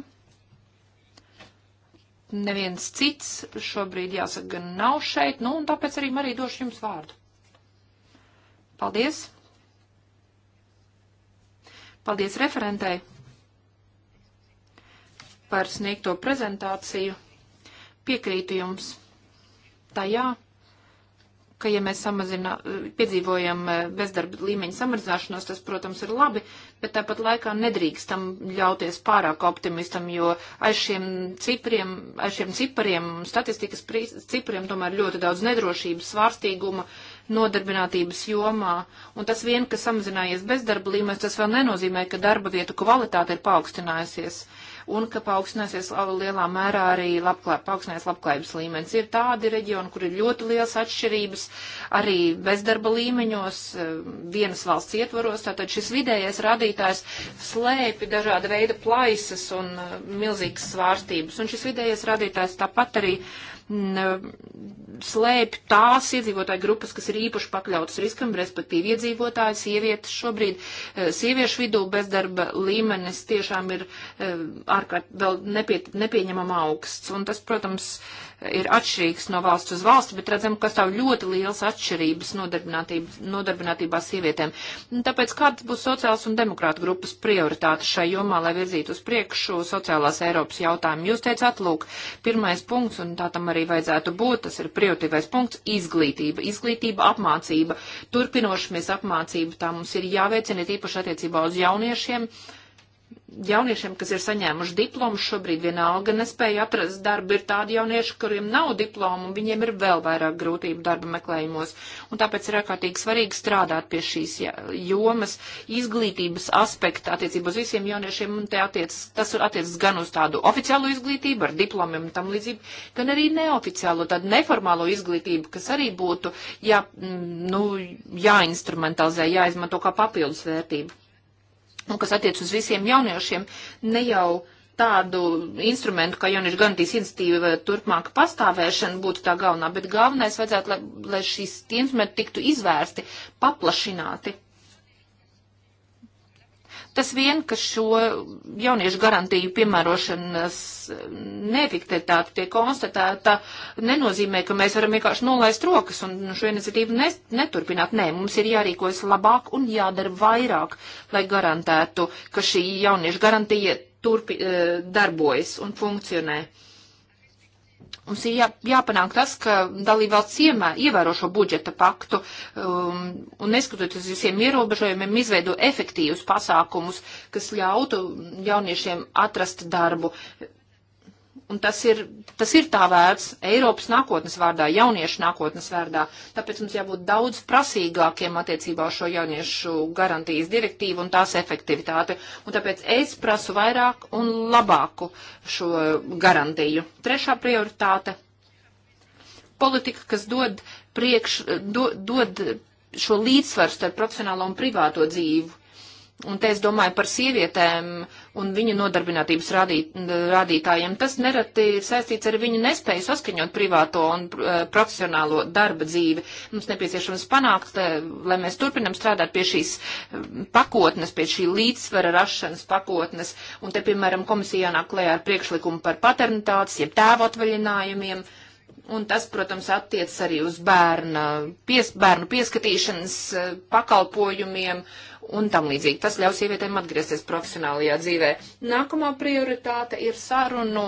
A: Neviens cits šobrīd, jāsaka, gan nav šeit, nu, un tāpēc arī Marija došu jums vārdu. Paldies! Paldies referentei! par sniegto prezentāciju. Piekrītu jums tajā, ka ja mēs samazinā, piedzīvojam eh, bezdarba līmeņa samazināšanos, tas, protams, ir labi, bet tāpat laikā nedrīkstam ļauties pārāk optimistam, jo aiz šiem cipriem, aiz šiem cipariem, statistikas cipriem tomēr ļoti daudz nedrošības, svārstīguma, nodarbinātības jomā, un tas vien, ka samazinājies bezdarba līmenis, tas vēl nenozīmē, ka darba vietu kvalitāte ir paaugstinājusies un ka paaugstināsies lielā mērā arī labklāb, paaugstināsies labklājības līmenis. Ir tādi reģioni, kur ir ļoti liels atšķirības arī bezdarba līmeņos, eh, vienas valsts ietvaros, tātad šis vidējais rādītājs slēpi dažāda veida plaisas un eh, milzīgas svārstības, un šis vidējais rādītājs tāpat arī. Uh, slēp tās iedzīvotāju grupas, kas ir īpaši pakļautas riskam, respektīvi iedzīvotāji, sievietes šobrīd. Eh, sieviešu vidū bezdarba līmenis tiešām ir eh, ārkārt vēl nepie, nepieņemama augsts. Un tas, protams, uh, ir atšķirīgs no valsts uz valsti, bet redzam, ka stāv ļoti liels atšķirības nodarbinātībā sievietēm. Tāpēc kādas būs sociālas un demokrāta grupas prioritātes šai jomā, lai virzītu uz priekšu sociālās Eiropas jautājumu? Jūs teicāt, lūk, pirmais punkts, un tā tam arī vajadzētu būt, tas ir prioritīvais punkts - izglītība. Izglītība, apmācība, turpinošamies apmācību, tā mums ir jāveicina, tīpaši attiecībā uz jauniešiem. Uh, jauniešiem, kas ir saņēmuši diplomu, šobrīd vienalga nespēja atrast darbu, ir tādi jaunieši, kuriem nav diplomu, un viņiem ir vēl vairāk grūtību darba meklējumos. Un tāpēc ir ārkārtīgi svarīgi strādāt pie šīs jomas izglītības aspekta attiecībā uz visiem jauniešiem, un te attiec, tas attiec gan uz tādu oficiālo izglītību ar diplomiem un tam līdzību, gan arī neoficiālo, tādu neformālo izglītību, kas arī būtu jā, mm, nu, jāinstrumentalizē, jāizmanto kā papildus vērtību un nu, kas attiec uz visiem jauniešiem, ne jau tādu instrumentu, kā jauniešu garantijas institīva vai turpmāka pastāvēšana būtu tā galvenā, bet galvenais vajadzētu, lai, lai šīs instrumenti tiktu izvērsti, paplašināti Tas vien, ka šo jauniešu garantiju piemērošanas neefektivitāte tiek konstatēta, nenozīmē, ka mēs varam vienkārši nolaist rokas un šo iniciatīvu neturpināt. Nē, mums ir jārīkojas labāk un jādara vairāk, lai garantētu, ka šī jauniešu garantija turpi, eh, darbojas un funkcionē. Mums ir jā, jāpanāk tas, ka dalībvalsts ievēro šo budžeta paktu um, un neskatoties uz visiem ierobežojumiem, izveido efektīvus pasākumus, kas ļautu jauniešiem atrast darbu. Un tas ir, tas ir tā vērts Eiropas nākotnes vārdā, jauniešu nākotnes vārdā. Tāpēc mums jābūt daudz prasīgākiem attiecībā uz šo jauniešu garantijas direktīvu un tās efektivitāti. Un tāpēc es prasu vairāk un labāku šo garantiju. Trešā prioritāte - politika, kas dod, priekš, do, dod šo līdzsvaru starp profesionālo un privāto dzīvi Un te es domāju par sievietēm un viņu nodarbinātības rādīt, rādītājiem. Tas nereti ir saistīts ar viņu nespēju saskaņot privāto un eh, profesionālo darba dzīvi. Mums nepieciešams panākt, eh, lai mēs turpinam strādāt pie šīs eh, pakotnes, pie šī līdzsvara rašanas pakotnes. Un te, piemēram, komisijā nāk klējā ar priekšlikumu par paternitātes, jeb tēvu atvaļinājumiem. Un tas, protams, attiecas arī uz bērna, pies, bērnu pieskatīšanas pakalpojumiem un tam līdzīgi. Tas ļaus sievietēm atgriezties profesionālajā dzīvē. Nākamā prioritāte ir sarunu,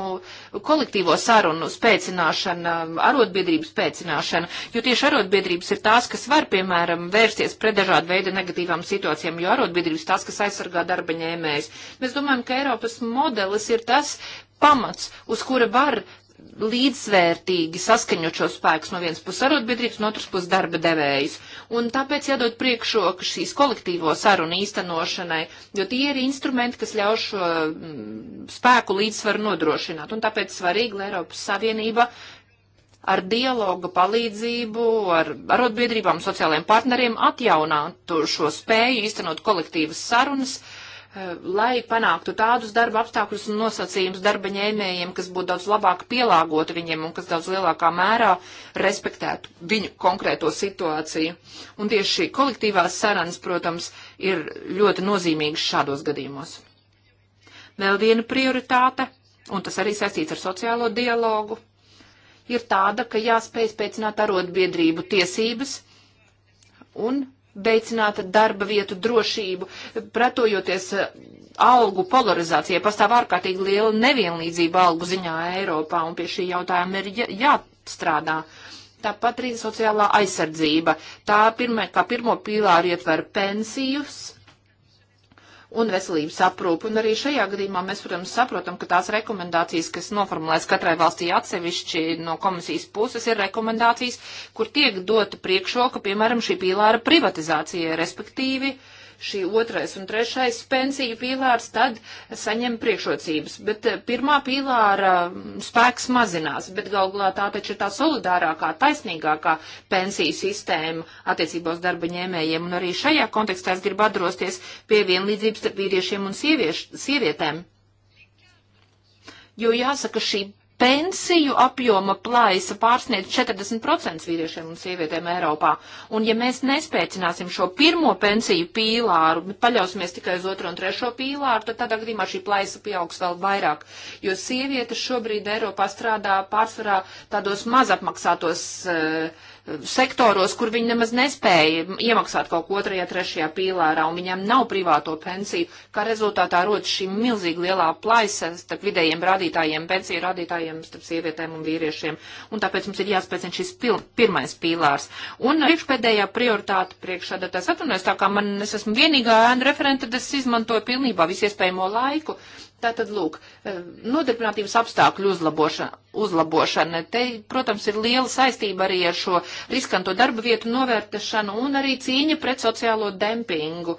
A: kolektīvo sarunu spēcināšana, arotbiedrības spēcināšana, jo tieši arotbiedrības ir tās, kas var, piemēram, vērsties pret dažādu veidu negatīvām situācijām, jo arotbiedrības tās, kas aizsargā darba ņēmējs. Mēs domājam, ka Eiropas modelis ir tas, pamats, uz kura var līdzvērtīgi saskaņot šo spēkus no vienas puses arotbiedrības, no otras puses darba devējus. Un tāpēc jādod priekšroka šīs kolektīvo sarunu īstenošanai, jo tie ir instrumenti, kas ļauj šo mm, spēku līdzsvaru nodrošināt. Un tāpēc svarīgi, lai Eiropas Savienība ar dialogu palīdzību, ar arotbiedrībām, sociālajiem partneriem atjaunātu šo spēju īstenot kolektīvas sarunas Eh, lai panāktu tādus darba apstākļus un nosacījumus darba ņēmējiem, kas būtu daudz labāk pielāgoti viņiem un kas daudz lielākā mērā respektētu viņu konkrēto situāciju. Un tieši šī kolektīvās sarunas, protams, ir ļoti nozīmīgas šādos gadījumos. Vēl viena prioritāte, un tas arī saistīts ar sociālo dialogu, ir tāda, ka jāspēj spēcināt arotbiedrību tiesības un veicināt darba vietu drošību, pretojoties eh, algu polarizācijai. Pastāv ārkārtīgi liela nevienlīdzība algu ziņā Eiropā, un pie šī jautājuma ir jāstrādā. Tāpat arī sociālā aizsardzība. Tā pirmē, kā pirmo pīlāru ietver pensijas un veselības aprūpi. Un arī šajā gadījumā mēs, protams, saprotam, ka tās rekomendācijas, kas noformulēs katrai valstī atsevišķi no komisijas puses, ir rekomendācijas, kur tiek dota priekšroka, piemēram, šī pīlāra privatizācija, respektīvi. Uh, šī otrais un trešais pensiju pīlārs, tad saņem priekšrocības. Bet eh, pirmā pīlāra mm, spēks mazinās, bet galvā tā taču ir tā solidārākā, taisnīgākā pensiju sistēma attiecībos darba ņēmējiem. Un arī šajā kontekstā es gribu atrosties pie vienlīdzības starp vīriešiem un sievieš, sievietēm. Jo jāsaka, šī pensiju apjoma plaisa pārsniedz 40% vīriešiem un sievietēm Eiropā. Un ja mēs nespēcināsim šo pirmo pensiju pīlāru, paļausimies tikai uz otro un trešo pīlāru, tad tādā gadījumā šī plaisa pieaugs vēl vairāk. Jo sievietes šobrīd Eiropā strādā pārsvarā tādos mazapmaksātos uh, sektoros, kur viņi nemaz nespēja iemaksāt kaut ko otrajā, trešajā pīlārā, un viņam nav privāto pensiju, kā rezultātā rodas šī milzīga lielā plaisa starp vidējiem rādītājiem, pensiju rādītājiem, starp sievietēm un vīriešiem. Un tāpēc mums ir jāspēcina šis pil, pirmais pīlārs. Un priekšpēdējā prioritāte priekšādā tas atvainojas, tā kā man es esmu vienīgā ēnu referenta, tad es izmantoju pilnībā visiespējamo laiku. Tātad, lūk, eh, nodarbinātības apstākļu uzlabošana, uzlabošana. Te, protams, ir liela saistība arī ar šo riskanto darba vietu novērtešanu un arī cīņa pret sociālo dempingu.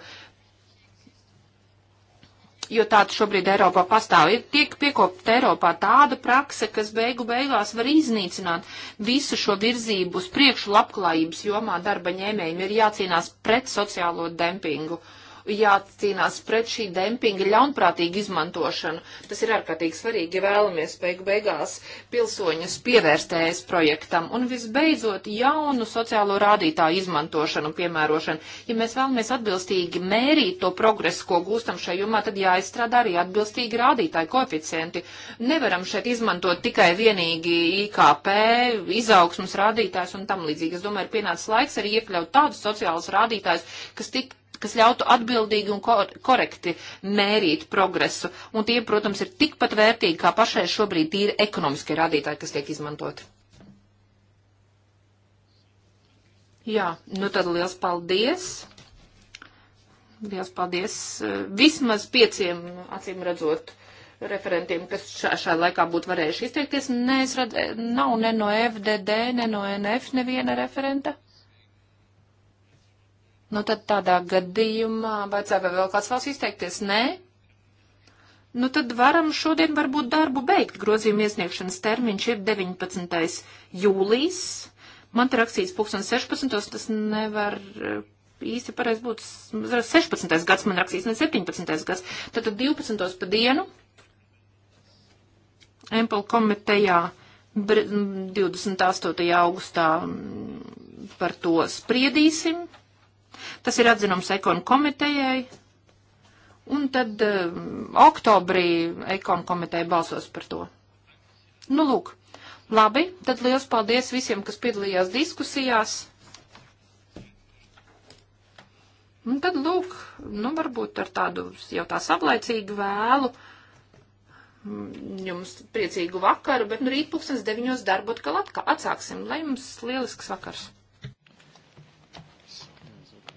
A: Jo tāda šobrīd Eiropā pastāv. Ir tiek piekopta Eiropā tāda prakse, kas beigu beigās var iznīcināt visu šo virzību uz priekšu labklājības jomā darba ņēmējiem. Ir jācīnās pret sociālo dempingu. Uh, jācīnās pret šī dempinga ļaunprātīgu izmantošanu. Tas ir ārkārtīgi svarīgi, ja vēlamies beigu beigās pilsoņus pievērstējas projektam. Un visbeidzot, jaunu sociālo rādītāju izmantošanu un piemērošanu. Ja mēs vēlamies atbilstīgi mērīt to progresu, ko gūstam šajā jomā, tad jāizstrādā arī atbilstīgi rādītāji koeficienti. Nevaram šeit izmantot tikai vienīgi IKP, izaugsmas rādītājs un tam līdzīgi. Es domāju, ir pienācis laiks arī iekļaut tādus sociālus rādītājus, kas tik kas ļautu atbildīgi un kor korekti mērīt progresu. Un tie, protams, ir tikpat vērtīgi kā pašai šobrīd tīri ekonomiskie rādītāji, kas tiek izmantoti. Jā, nu tad liels paldies. Liels paldies eh, vismaz pieciem, acīm redzot, referentiem, kas šā, šā laikā būtu varējuši izteikties. Nē, es redzu, nav ne no FDD, ne no NF neviena referenta. Nu, tad tādā gadījumā vajadzēja vai vēl kāds valsts izteikties? Nē? Nu, tad varam šodien varbūt darbu beigt. Grozījuma iesniegšanas termiņš ir 19. jūlijas. Man te rakstīts 2016. Tas nevar eh, īsti pareizi būt 16. gads, man rakstīts ne 17. gads. Tad, tad 12. pa dienu Empel komitejā 28. augustā par to spriedīsim Tas ir atzinums ekonu komitejai. Un tad uh, oktobrī ekonu komiteja balsos par to. Nu, lūk. Labi, tad liels paldies visiem, kas piedalījās diskusijās. Un tad, lūk, nu, varbūt ar tādu jau tā sablaicīgu vēlu mm, jums priecīgu vakaru, bet nu rīt pulkstens deviņos darbu atkal atkal atsāksim, lai jums lielisks vakars.